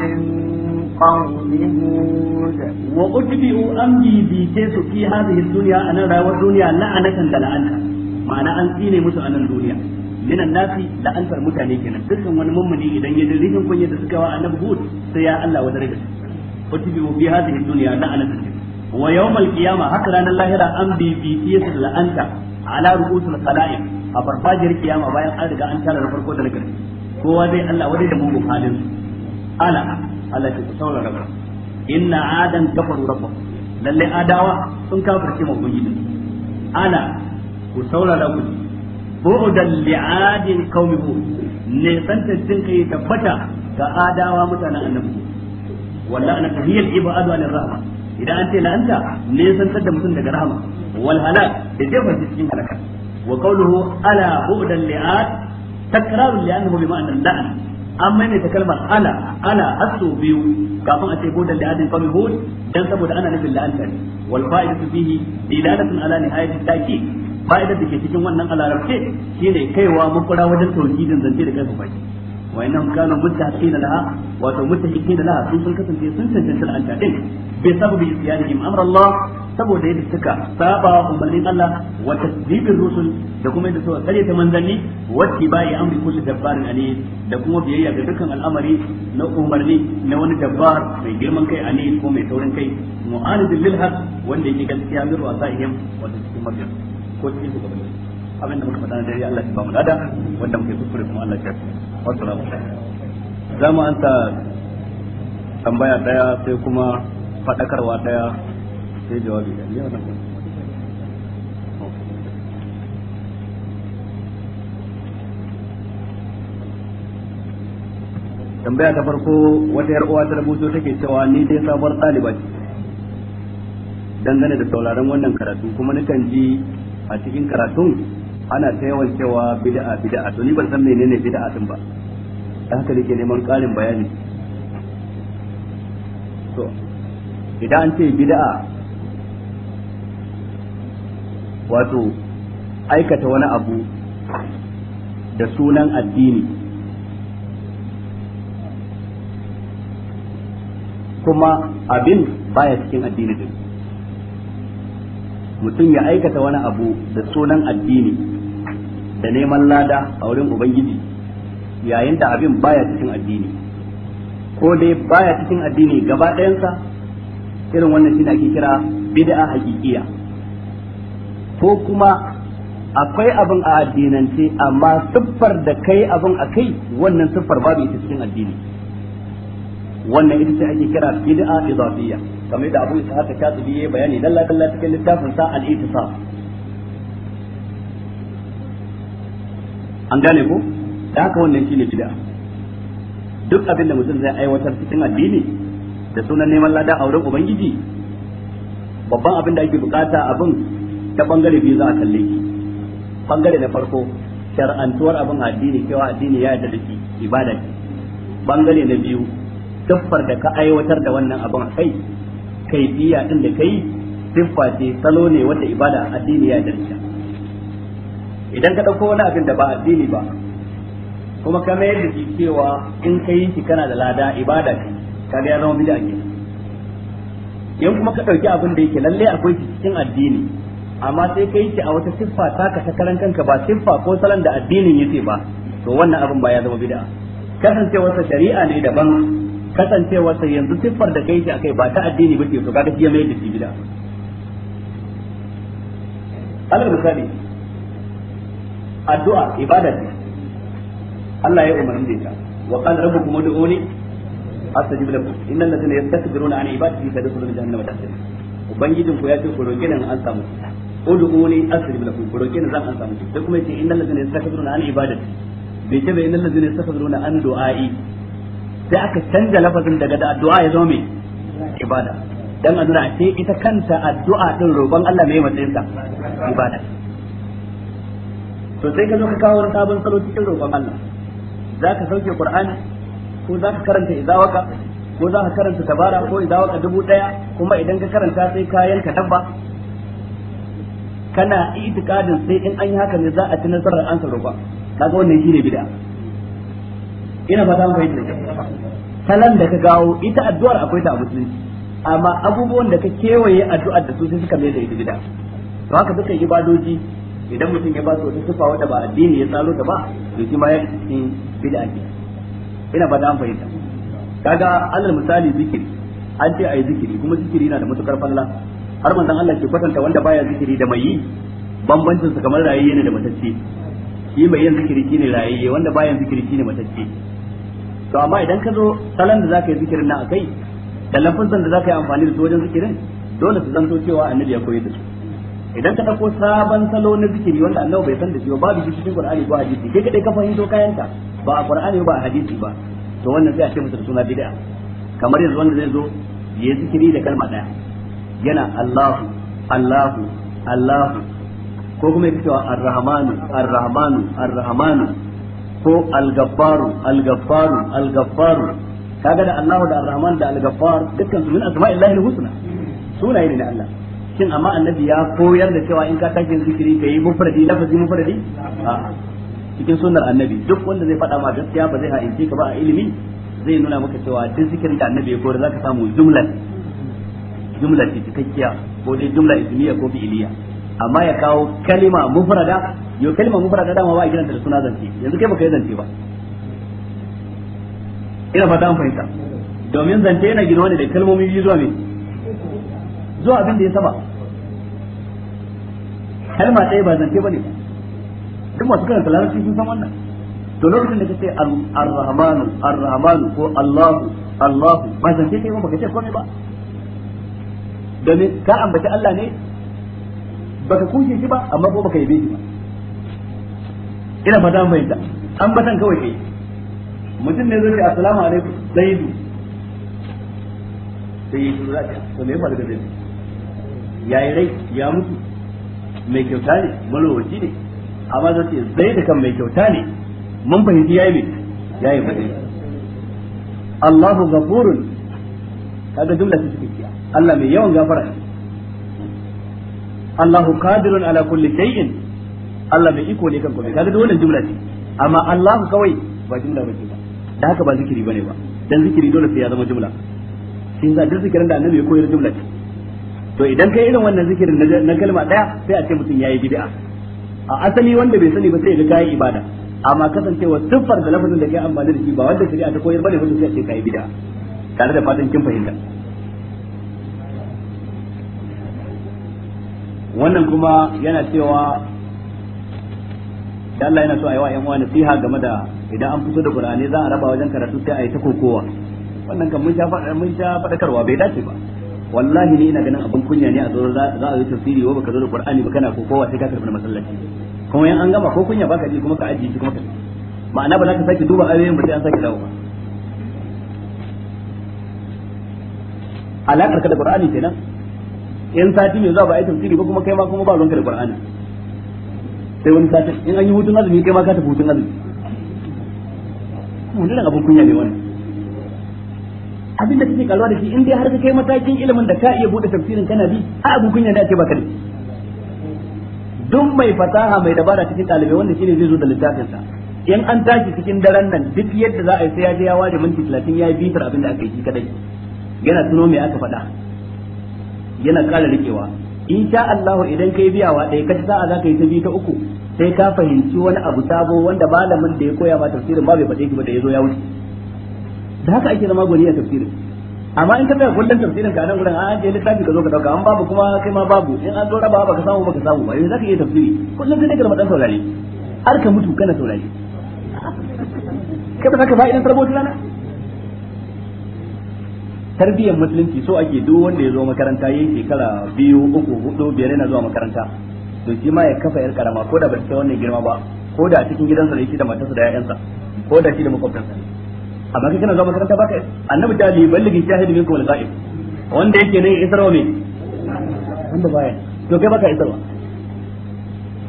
قوم هود وأتبعوا أمري بيتيس في هذه الدنيا أنا لا والدنيا لعنة لعنة معنى أن تيني مسوى أن الدنيا من الناس لأنت المتاني كنا دكا ونممني إذا يدريهم كن يدسكوا أن هود سيا الله ودرجة أتبعوا في هذه الدنيا لعنة ويوم القيامة هكذا أن الله رأى أمري بيتيس لأنت على رؤوس الخلائق a farfajiyar kiyama bayan an riga an tara na farko da na ƙarshe kowa zai Allah wadai da mugun halin su ala Allah ta saurara rabu inna adan kafaru rabbahum lalle adawa sun kafirce ma ubangiji ala ku saurara ku bu'dan li'adin qaumi hud ne santa din kai tabbata ga adawa mutanen annabi wallahi anaka hiyal ibadu an rahma idan an ce la'anta ne santar da mutum daga rahama wal halal da jefa cikin halaka wa qawluhu ala bu'dan li'ad takrarun li'annahu bi ma'anar la'an an maimaita kalmar ala ala hasu biyu kafin a ce godan da adin kami hud dan saboda ana nufin la'anta ne wal fa'idatu fihi dilalatun ala nihayati ta'kid fa'idar da ke cikin wannan alarabce shine kaiwa makura wajen tauhidin zance da karfafa shi wa innahum kanu muttaqina laha wato muttaqina laha sun sun kasance sun cancanta la'anta din bi sababi isyanihim amra Allah saboda yadda suka saba umarnin Allah wa tasdibin rusul da kuma yadda suka kare ta manzanni wa tibai amri kulli dabbarin ali da kuma biyayya ga dukkan al'amari na umarni na wani dabbar mai girman kai ani ko mai taurin kai mu'anidin lil haq wanda yake gaskiya min wasa'ihim wanda kuma mabiya ko ko shugabanni abin da muka faɗa da dare Allah ya ba mu lada wanda muke kuskure kuma Allah ya wa salamu alaikum za anta tambaya daya sai kuma faɗakarwa daya sai jawabi da ya tambaya ta farko wata yar uwa ta rubuto take cewa ni dai sabuwar ɗaliba ce dangane da sauraron wannan karatu kuma kan ji a cikin karatun ana ta yawan cewa bid'a bid'a to ni ban san menene bid'a din ba da haka nake neman ƙarin bayani to idan an ce bid'a wato aikata wani abu da sunan addini kuma abin baya cikin addini din mutum ya aikata wani abu da sunan addini da neman lada a wurin ubangiji yayin da abin baya cikin addini ko dai baya cikin addini gaba ɗayansa irin wannan shi ake kira bid'a hakikiya ko kuma akwai abin a addinance amma siffar da kai abin a kai wannan siffar babu ita cikin addini wannan ita ce ake kira bid'a idafiyya kamar da Abu Isa haka Katibi yayi bayani lalla dalla cikin littafin sa al-Ittisab an gane ko da haka wannan shine bid'a duk abin da mutum zai aiwatar cikin addini da sunan neman lada a wurin ubangiji babban abin da ake bukata abin ta bangare biyu za a kalle ki bangare na farko shar'antuwar abin addini cewa addini ya yarda da ki ibada ki bangare na biyu siffar da ka aiwatar da wannan abin kai kaifiya din da kai siffa ce salo ne wanda ibada addini ya yarda da idan ka dauko wani abin da ba addini ba kuma ka mayar da shi cewa in ka yi shi kana da lada ibada ce ka ga ya zama bid'a ke in kuma ka dauki abin da yake lalle akwai cikin addini amma sai kai shi a wata siffa taka ta karan kanka ba siffa ko salon da addinin yace ba to wannan abin ba ya zama bid'a kasancewarsa shari'a ne daban kasancewarsa yanzu siffar da kai shi akai ba ta addini ba ce to kaga shi ya mai da shi bid'a alal misali addu'a ibada ce Allah ya umarni da ita wa qad rabbukum ud'uni astajib lakum innal ladhina yastakbiruna an ibadati sadkhuluna jahannama dakhila ubangijin ku ya ce ku roke nan an samu ud'uni asrib lakum ku roke ni zan an samu sai kuma yace innal ladzina yastakbiruna an ibadati bai ce bai innal ladzina yastakbiruna an du'ai sai aka canja lafazin daga da addu'a ya zama mai ibada dan a nuna sai ita kanta addu'a din roban Allah mai matsayin sa ibada to sai ka zo ka kawo wani sabon salo cikin roƙon Allah zaka sauke Qur'ani ko zaka karanta idawaka ko zaka karanta tabara ko idawaka dubu daya kuma idan ka karanta sai kayan ka yanka dabba kana itikadin sai in an yi haka ne za a ci nasarar an roƙon kaga wannan shine bid'a ina fata mun fahimta salan da ka gawo ita addu'ar akwai ta musulunci amma abubuwan da ka kewaye addu'ar da su sai suka mai da ita bid'a to haka duka ibadoji idan mutum ya ba su wata sufa wata ba addini ya tsaro ta ba to shi ma ya cikin bid'a ne ina fata mun fahimta kaga alal misali zikiri an ce ayi zikiri kuma zikiri yana da matukar falla har manzon Allah ke kwatanta wanda baya zikiri da mai yi bambancin su kamar rayayye ne da matacce shi mai yin zikiri shine rayayye wanda bayan zikiri shine matacce to amma idan ka zo salon da zaka yi zikirin nan akai da lafazan da zaka yi amfani da su wajen zikirin dole su zanto cewa annabi ya koyar da su idan ka dauko sabon salo na zikiri wanda Allah bai san da shi ba babu shi cikin qur'ani ko hadisi kai kadai ka fahimto kayanka ba a qur'ani ba a hadisi ba to wannan sai a ce masa suna bid'a kamar yanzu wanda zai zo yayi zikiri da kalma daya yana Allahu Allahu Allahu ko kuma yake cewa Ar-Rahmanu Ar-Rahmanu Ar-Rahmanu ko Al-Gabbaru Al-Gabbaru Al-Gabbaru kaga da Allahu da Ar-Rahman da Al-Gabbar dukkan su min asma'illahi al-husna sunaye ne na Allah shin amma annabi ya koyar da cewa in ka tashi zikiri ka yi mufradi lafazi mufradi a'a cikin sunnar annabi duk wanda zai faɗa ma gaskiya ba zai ha'ince ka ba a ilimi zai nuna maka cewa duk zikirin da annabi ya koyar zaka samu jumlan jumla ce cikakkiya ko dai jumla ismiya ko fi'iliya amma ya kawo kalima mufrada yo kalima mufrada dama ba a kiranta da suna zance yanzu kai baka yi zance ba ina fata an fahimta domin zance yana gina wani da kalmomi biyu zuwa me zuwa abin da ya saba kalma ɗaya ba zance bane duk masu karanta larabci sun san wannan to lokacin da kace ar-rahmanu ar-rahmanu ko Allahu Allahu ba zance kai ba baka ce komai ba domin ka ambaci Allah ne baka kushe shi ba amma ko baka yabe shi ba ina fata mai da ambatan kawai kai mutum ne zai ce assalamu alaikum zaidu sai yi shuru zaka to me faru da ya yi rai ya mutu mai kyauta ne malawaci ne amma zai ce da kan mai kyauta ne mun fahimci yayi ne yayi fadi Allahu ghafurun kaga jumla ce cikakkiya Allah mai yawan gafara ne Allahu qadirun ala kulli shay'in Allah mai iko ne kan komai kaga duk wannan jumla ce amma Allahu kawai ba jumla bace ba da haka ba zikiri bane ba dan zikiri dole sai ya zama jumla shi za duk zikirin da annabi ya koyar jumla ce to idan kai irin wannan zikirin na kalma daya sai a ce mutum yayi bid'a a asali wanda bai sani ba sai ga kai ibada amma kasancewa siffar da lafazin da kai amfani da shi ba wanda shari'a ta koyar bane mutum sai a ce kai bid'a tare da fatan kin fahimta wannan kuma yana cewa da Allah yana so a yi wa ƴan uwa nasiha game da idan an fito da Qur'ani za a raba wajen karatu sai a yi ta kokowa wannan kan mun sha mun sha fadakarwa bai dace ba wallahi ni ina ganin abin kunya ne a zo za a yi tafsiri wa baka zo da Qur'ani ba kana kokowa sai ka karbi masallaci kuma yan an gama ko kunya baka ji kuma ka ajiye kuma ka ma'ana ba za ka sake duba ayoyin ba sai an sake dawo ba alakar ka da qur'ani kenan in sati mai zuwa ba ai tafsiri ba kuma kai ma kuma ba ruwanka da qur'ani sai wani sati in an yi hutun azumi kai ma ka tafi hutun azumi wannan abin kunya ne wani abin da kake kalwa da shi in dai har ka kai matakin ilimin da ka iya bude tafsirin kana bi a abin kunya da ake baka da duk mai fasaha mai dabara cikin ɗalibai wanda shine zai zo da littafin sa in an tashi cikin daren nan duk yadda za a yi sai ya je ya ware minti 30 ya yi bitar abin da aka yi kadai yana tuno me aka faɗa yana ƙara rikewa sha Allah idan kai wa ɗaya kashi sa'a za ka yi ta biyu ta uku sai ka fahimci wani abu sabo wanda malamin da ya koya ma tafsirin ba bai faɗe ki ba da ya zo ya wuce da haka ake zama gwani a tafsirin amma in ka tsaya kullum tafsirin ka nan gurin an je littafi ka zo ka dauka an babu kuma kai ma babu in an zo raba ba ka samu ba ka samu ba yanzu zaka iya tafsiri kullum sai ka dan saurare har ka mutu kana saurare kai ba za ka fa'idan sarbo rana tarbiyyar musulunci so ake duk wanda ya zo makaranta yin shekara biyu uku hudu biyar yana zuwa makaranta to shi ma ya kafa yar karama ko da ba ta wannan girma ba ko da cikin gidansa da yake da matarsa da ƴaƴansa ko da shi da makwabtansa amma kai kana zuwa makaranta ba baka annabi ta li ballighi shahidu minkum al-ghaib wanda yake ne isarwa ne wanda baya to kai baka isarwa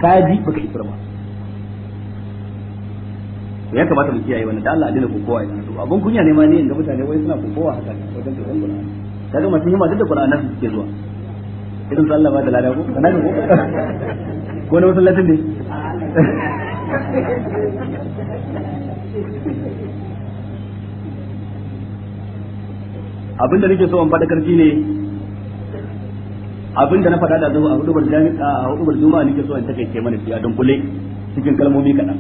ka ji baka isarwa ya kamata mu kiyaye wannan da Allah a dina kowa yanzu to abun kunya ne ma ne ga mutane wai suna kowa haka wajen karɓar Qur'ani kaga masu hima duk da Qur'ani su ke zuwa idan su Allah ba da lada ko kana ko ko na masallatin ne abinda nake so in faɗa karfi ne abinda na faɗa da zuwa a hudubar jami'a a hudubar juma'a nake so in ke mana fi a dunkule cikin kalmomi kaɗan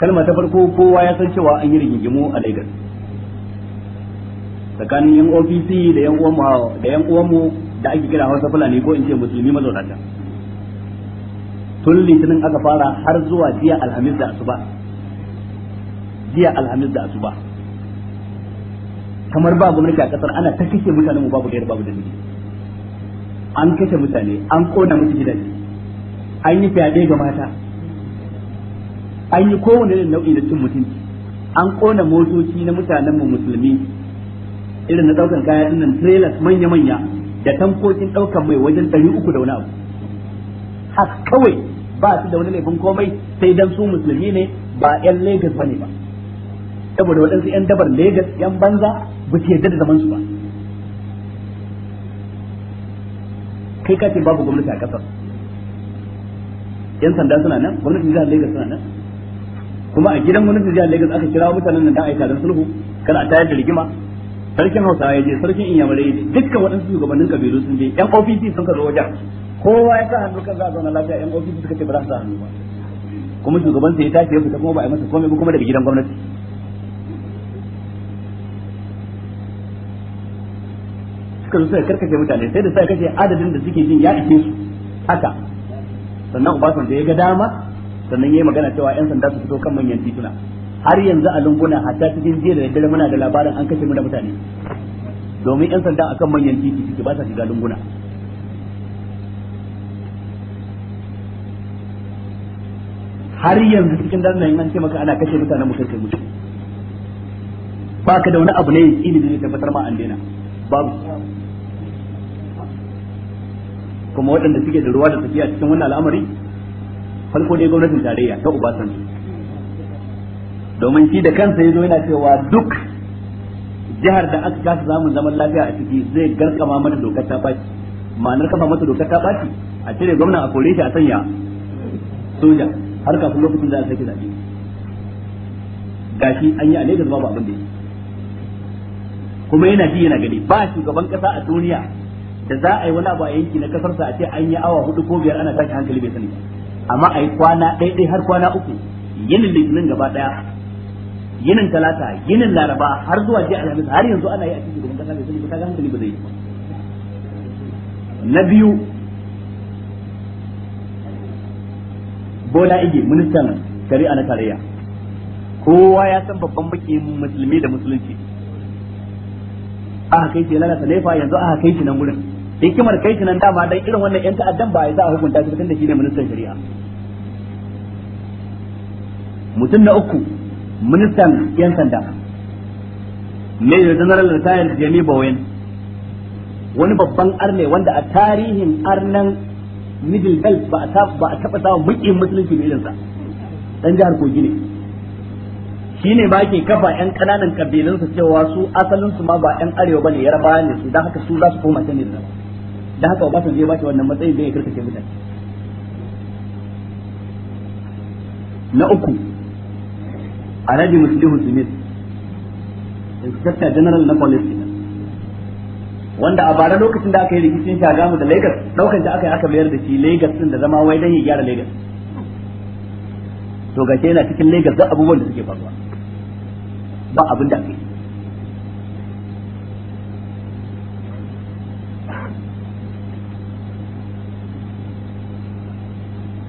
kalma ta farko kowa ya san cewa an yi rigingimu a Lagos tsakanin yan OPC da yan uwan da yan mu da ake kira Hausa Fulani ko in ce musulmi mazaunata tun litinin aka fara har zuwa jiya alhamis da asuba jiya alhamis da asuba kamar ba gwamnati a kasar ana ta kashe mutanen mu babu da babu da an kashe mutane an kona musu gidaje an yi fyaɗe ga mata an yi kowane irin nau'i da cin mutunci an kona motoci na mutanen mu musulmi irin na daukan kaya nan trailers manya manya da tankokin daukan mai wajen 300 da wani abu haka kawai ba su da wani laifin komai sai dan su musulmi ne ba yan Lagos ne ba saboda waɗansu yan dabar Lagos yan banza ba su yarda da zaman su ba kai ka ce babu gwamnati a kasar yan sanda suna nan gwamnatin jihar Lagos suna nan kuma a gidan wani jirgin Lagos aka kira mutanen nan da aika da sulhu kana a tayar da rigima sarkin Hausawa ya je sarkin Inyamurai ya je dukkan waɗansu shugabannin kabilu sun je yan ofisi sun ka zo wajen kowa ya sa hannu kan za a zauna lafiya yan ofisi suka ce ba za su sa hannu ba kuma shugaban sai ya tashi ya fita kuma ba a yi masa komai ba kuma daga gidan gwamnati suka zo suka karkace mutane sai da sai kace adadin da suke jin ya ake su haka sannan da ya ga dama sannan yayi magana cewa yan sanda su fito kan manyan tituna har yanzu a lunguna hatta cikin jiya da daddare muna da labarin an kashe muna mutane domin yan sanda akan manyan titi suke ba sa shiga lunguna har yanzu cikin dan nan an ce maka ana kashe mutane mu kashe mutane ba ka da wani abu ne ilimi ne tabbatar ma an daina babu kuma waɗanda suke da ruwa da tafiya cikin wannan al'amari farko dai gwamnatin tarayya ta Obasanjo domin shi da kansa yazo yana cewa duk jihar da aka kasa zamun zaman lafiya a ciki zai garkama mata dokar ta baci ma'anar kafa mata dokar ta baci a cire gwamnan a kore shi a sanya soja har kafin lokacin da a sake zaɓe gashi an yi a Lagos babu abin da kuma yana ji yana gani ba shugaban kasa a duniya da za a yi wani abu a yanki na kasarsa a ce an yi awa hudu ko biyar ana tashi hankali bai sani ba amma a yi kwana ɗaiɗai har kwana uku yinin litinin gaba ɗaya yinin talata yinin laraba har zuwa jiya alhamis har yanzu ana yi a cikin gaban kasa mai sani ta ga hankali ba zai yi na biyu bola ige ministan shari'a na tarayya kowa ya san babban baki musulmi da musulunci aka kai shi lalata laifa yanzu aka kai shi nan gurin hikimar kai shi nan dama dan irin wannan yan ta'addan ba ya za a hukunta shi tunda shine ministan shari'a mutum na uku ministan yan sanda major general retired Jamie Bowen wani babban arne wanda a tarihin arnan middle belt ba a taba samun mukin musulunci da irinsa dan jihar kogi ne shi ne ba ke kafa 'yan ƙananan ƙabilunsa cewa su asalinsu ma ba 'yan arewa ba ne yarabawa ne su don haka su za su koma can da da haka je ba shi wannan matsayin da ya karkace mutane na uku Alhaji Muslihu Smith Inspector General na Police wanda a bara lokacin da aka yi rikicin shagamu da Lagos daukan da aka yi aka bayar da shi Lagos din da zama wai dan ya gyara Lagos to gashi yana cikin Lagos da abubuwan da suke faruwa ba abin da aka yi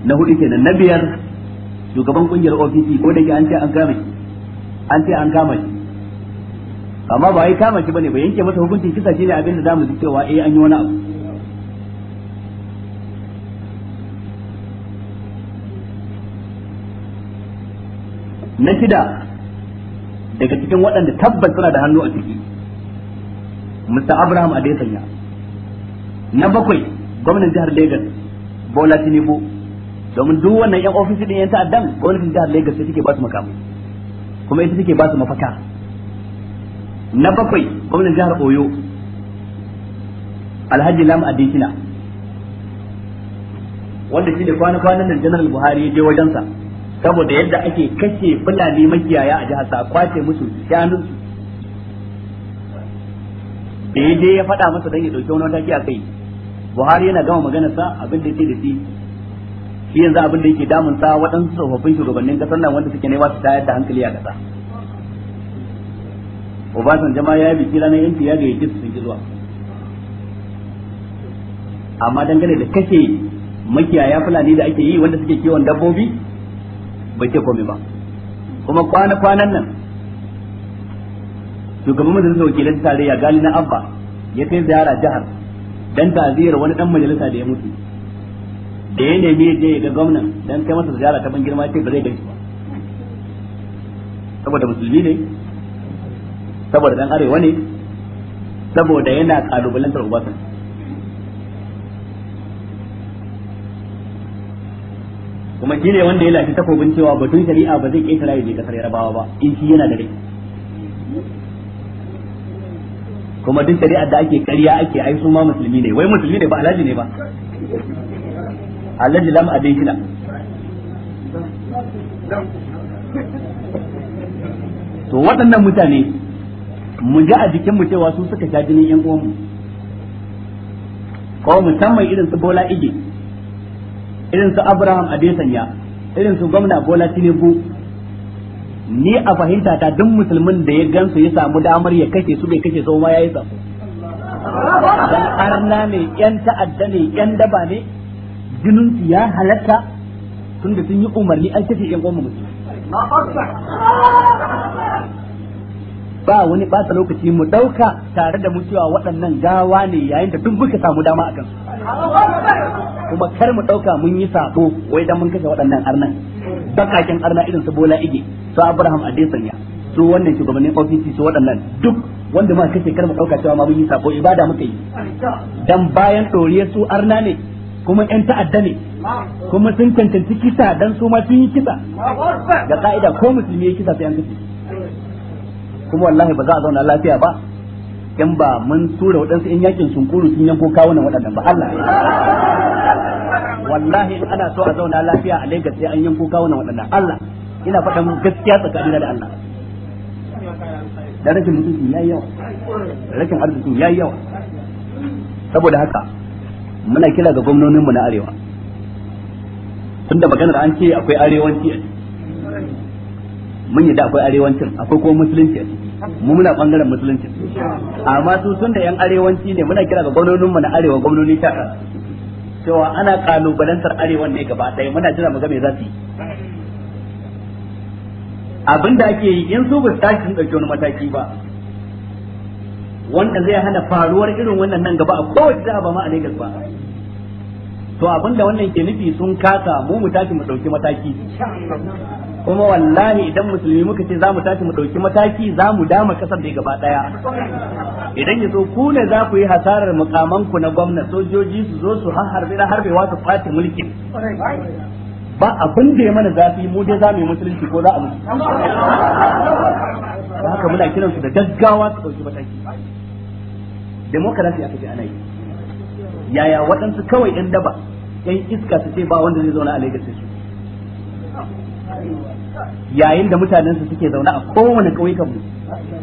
na hudu kenan na biyar shugaban kungiyar OPC ko da ke an ce an kama shi an ce an kama shi amma ba yi kama shi bane ba yanke masa hukuncin kisa shine abin da zamu ji cewa eh an yi wani abu na shida daga cikin waɗanda tabbas suna da hannu a ciki Mr. Abraham Adesanya na bakwai gwamnan jihar Lagos Bola Tinubu domin duk wannan yan ofisi din yan ta'addan gwamnatin jihar Lagos sai take ba su makamu kuma ita take ba su mafaka na bakwai gwamnatin jihar Oyo Alhaji Lam Adikina wanda shi da kwana-kwanan nan Janar Buhari ya je wajensa saboda yadda ake kashe fulani makiyaya a jihar sa kwace musu shanunsu da ya je ya faɗa masa don ya ɗauki wani wata a kai Buhari yana gama maganarsa abin da ya ce da shi shi yanzu abin da yake damun sa waɗansu tsofaffin shugabannin kasar nan wanda suke nema su tayar da hankali a ƙasa Obasan jama'a ya biki ranar yanki ya gayyace su sun zuwa amma dangane da kashe makiyaya fulani da ake yi wanda suke kiwon dabbobi ba ke komai ba kuma kwana kwanan nan shugaban majalisar wakilan tarayya gali na abba ya kai ziyara jihar dan ta'aziyar wani dan majalisa da ya mutu da ya nemi je ga gwamnan dan kai masa ziyara ta ban girma ce ba zai gaisu ba saboda musulmi ne saboda dan arewa ne saboda yana kalubalantar ubasan kuma shi ne wanda ya lafi takobin cewa batun shari'a ba zai ƙetara ya je kasar yarabawa ba in shi yana da rai kuma duk shari'a da ake karya ake ai su ma musulmi ne wai musulmi ne ba alhaji ne ba alladhi lam abaykina to waɗannan mutane mu ji a jikin mu cewa su suka sha jinin yan uwanmu ko musamman irin su Bola Ige irin su Abraham Adesanya irin su gwamna Bola Tinubu ni a fahimta ta duk musulmin da ya gansu ya samu damar ya kashe su bai kashe su ma yayi sako dan arna ne yan ta'adda ne yan daba ne jinin su ya halatta tun da sun yi umarni an kace yan uwan mutum ba wani ɓata lokaci mu ɗauka tare da mu cewa waɗannan gawa ne yayin da duk muka samu dama a kansu kuma kar mu ɗauka mun yi sabo wai dan mun kashe waɗannan arnan bakakin arna irin su bola ige su abraham adesanya su wannan shugabannin ofisi su waɗannan duk wanda ma kashe kar mu ɗauka cewa ma mun yi sabo ibada muka yi dan bayan ɗoriyar su arna ne kuma ƴan ta'adda ne kuma sun cancanci kisa dan su ma sun yi kisa Ga ka'ida ko musulmi ya kisa sai an kace kuma wallahi ba za a zauna lafiya ba in ba mun tura waɗansu in yakin sun kuru sun yanko kawunan waɗannan ba Allah wallahi in ana so a zauna lafiya a Lagos sai an yanko kawunan waɗannan Allah ina faɗa mun gaskiya tsakanin da Allah da rashin mutunci yayi yawa rashin arziki yayi yawa saboda haka muna kira ga gwamnonin mu na arewa tunda maganar an ce akwai arewanci a mun da akwai arewancin akwai kuma musulunci a mu muna bangaren musulunci amma su tun da yan arewanci ne muna kira ga gwamnonin mu na arewa gwamnoni ta cewa ana kalubalantar arewan ne gaba ɗaya muna jira mu ga me za su yi abin da ake yi in su ba su tashi sun ɗauki wani mataki ba wanda zai hana faruwar irin wannan nan gaba a kowace a ba ma a Lagos ba to abinda wannan ke nufi sun kasa mu mu tashi mu dauki mataki kuma wallahi idan musulmi muka ce za mu tashi mu ɗauki mataki za mu dama kasar da gaba ɗaya idan ya so ku ne za ku yi hasarar mukamanku na gwamna sojoji su zo su harbe da wa su fati mulkin ba abin da ya mana zafi mu dai za mu yi musulunci ko za a mutu haka muna kiransu da gaggawa su ɗauki mataki demokarasi aka ce ana yi yaya waɗansu kawai yan daba ɗan iska su ce ba wanda zai zauna a Lagos su yayin da mutanen su suke zauna a kowane ƙauyukan mu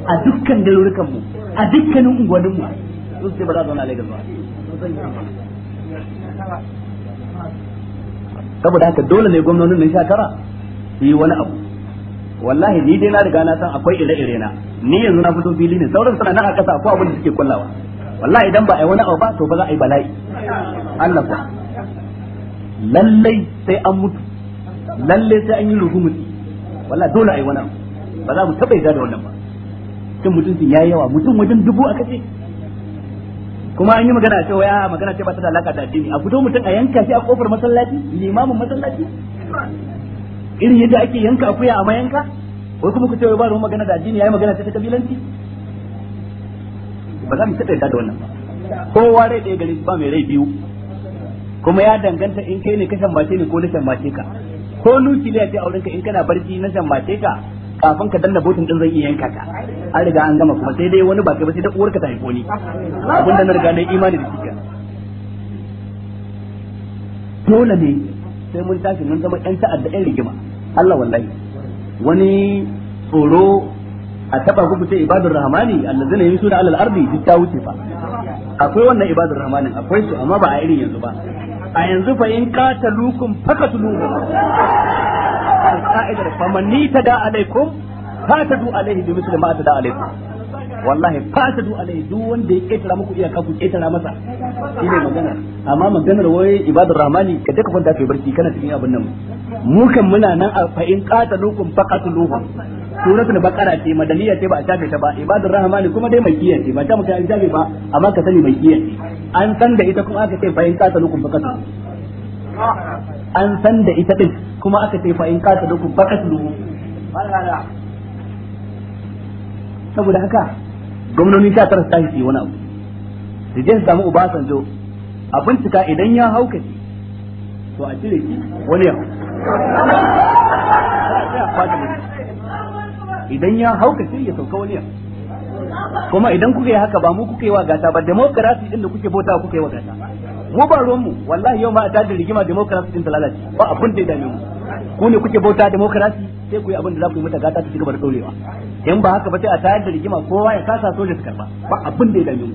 a dukkan garurukan mu a dukkanin unguwannin mu su ce ba za zauna a Lagos ba saboda haka dole ne gwamnonin nan shakara su yi wani abu wallahi ni dai na riga na san akwai ire-ire na ni yanzu na fito fili ne sauran suna nan a ƙasa ko abin da suke kullawa wallahi idan ba a yi wani abu ba to ba za a yi bala'i Allah ba lallai sai an mutu lallai sai an yi rugumuti wallahi dole a yi wani abu ba za mu taɓa yi da wannan ba cin mutuncin yayi yawa mutum wajen dubu aka ce kuma an yi magana cewa ya magana ce ba ta da alaka da addini a fito mutum a yanka shi a kofar masallaci limamin masallaci irin yadda ake yanka akuya a mayanka wai kuma ku ce wai ba ruwan magana da addini yayi magana ce ta kabilanci ba za mu taɓa yarda da wannan ba kowa rai ɗaya gari ba mai rai biyu kuma ya danganta in kai ne ka shambace ne ko na shambace ka ko nukiliya ce auren ka in kana barci na shambace ka kafin ka danna botin din zan iya yanka ka an riga an gama kuma sai dai wani ba kai ba sai da uwarka ta haifo ni abin da na riga na imani da shi dole ne sai mun tashi mun zama yan ta'adda yan rigima Allah wallahi wani tsoro a taba ku ce ibadur rahmani allazina yamshuna alal ardi duk ta wuce fa akwai wannan ibadur rahmanin akwai su amma ba a irin yanzu ba a yanzu fa in qatalukum faqatuluhum ka'idar famanni tada alaikum fatadu alaihi bi misli ma tada alaikum wallahi fatadu alaihi duk wanda ya ketara muku iyaka ku ketara masa shine magana amma maganar wai ibadur rahmani ka daka kwanta kai barci kana cikin abin nan mu kan muna nan a fa in qatalukum faqatuluhum suratul baqara ce madaniya ce ba a shafe ta ba ibadur rahman kuma dai makkiya ce ba ta muka an shafe ba amma ka sani mai ce an san da ita kuma aka ce fa in lukum baqatu an san da ita din kuma aka ce fa in qatalukum faqatu saboda haka gwamnoni ta tara tashi wani abu da samu uba san Obasanjo a bincika idan ya hauka ce to a cire shi wani ya [LAUGHS] idan ya sai ya sauka wani kuma idan kuka yi haka ba mu kuka yi wa gata ba demokarasi din da kuke bota kuka yi wa gata mu ba ruwan mu wallahi yau ma a tada rigima demokarasi din ta lalace ba abin da ya dame mu ku ne kuke bota demokarasi sai ku yi abin da za ku yi mata gata ta cigaba da dorewa in ba haka ba sai a tayar da rigima kowa ya kasa soja su karba ba abin da ya dame mu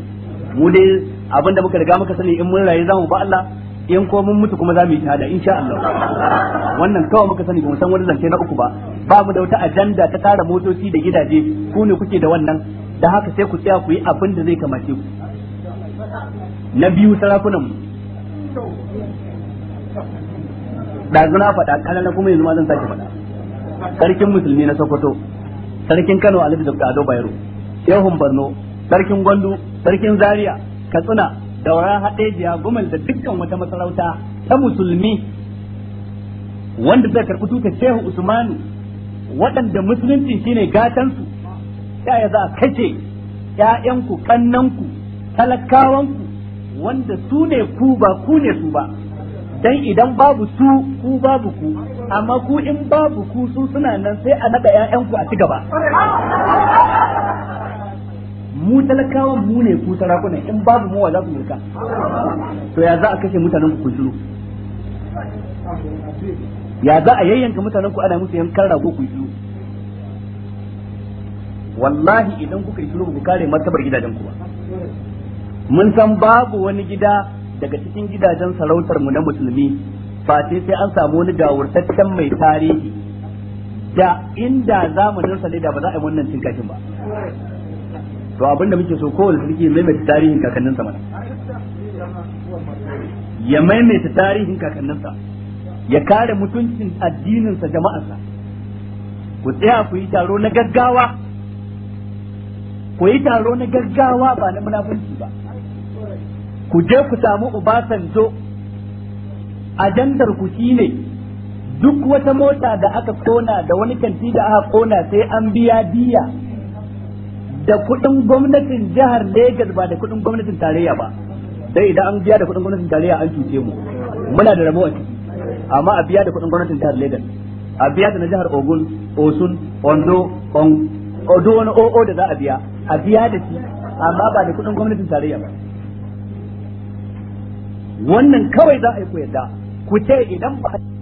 mu dai abin da muka riga muka sani in mun rayu zamu ba Allah in ko mun mutu kuma za mu yi shahada insha Allah wannan kawai muka sani ba san wani zance na uku ba ba mu da wata ajanda ta tara motoci da gidaje ku ne kuke da wannan da haka sai ku tsaya ku yi abin da zai kamace ku na biyu sarakunan mu ɗazu zuna faɗa kanana kuma yanzu ma zan sake faɗa sarkin musulmi na sokoto sarkin kano alhaji dr ado bayero yahun Barno, sarkin gwandu sarkin zaria katsina daura haɗejiya gumal da dukkan wata masarauta ta musulmi wanda zai karɓi tuta shehu usmanu waɗanda musulunci shine gatansu yaya za a kace 'ya'yanku, kannanku talakawanku wanda su ne ku ba ku ne su ba dan idan babu su ku babu ku amma ku in babu ku su suna nan sai a naɗa 'ya'yanku a ci gaba mu talakawan mu ne ku sarakuna in babu mu wa za ku mulka to ya za a kashe mutanen ku kujuru ya za a yayyanka mutanen ku ana musu yankan rago ku shiru wallahi idan kuka yi shiru ku kare martabar gidajen ku ba mun san babu wani gida daga cikin gidajen sarautar mu na musulmi ba sai sai an samu wani gawurtaccen mai tarihi da inda zamanin sa ne da ba za a yi wannan cin kashin ba to abin da muke so kowane sarki maimaita tarihin kakanninsa mana ya maimaita tarihin kakanninsa ya kare mutuncin addininsa jama'arsa ku tsaya ku yi taro na gaggawa ku yi taro na gaggawa ba na munafunci ba ku je ku samu Obasanjo ajandar ku shine duk wata mota da aka kona da wani kanti da aka kona sai an biya diya da kuɗin gwamnatin jihar Legas ba da kuɗin gwamnatin tarayya ba dai idan an biya da kuɗin gwamnatin tarayya an cuce mu muna da rabo amma a biya da kuɗin gwamnatin jihar Legas a biya da na jihar Ogun Osun Ondo on Odo wani OO da za a biya a biya da shi amma ba da kuɗin gwamnatin tarayya ba wannan kawai za a yi ku yadda ku ce idan ba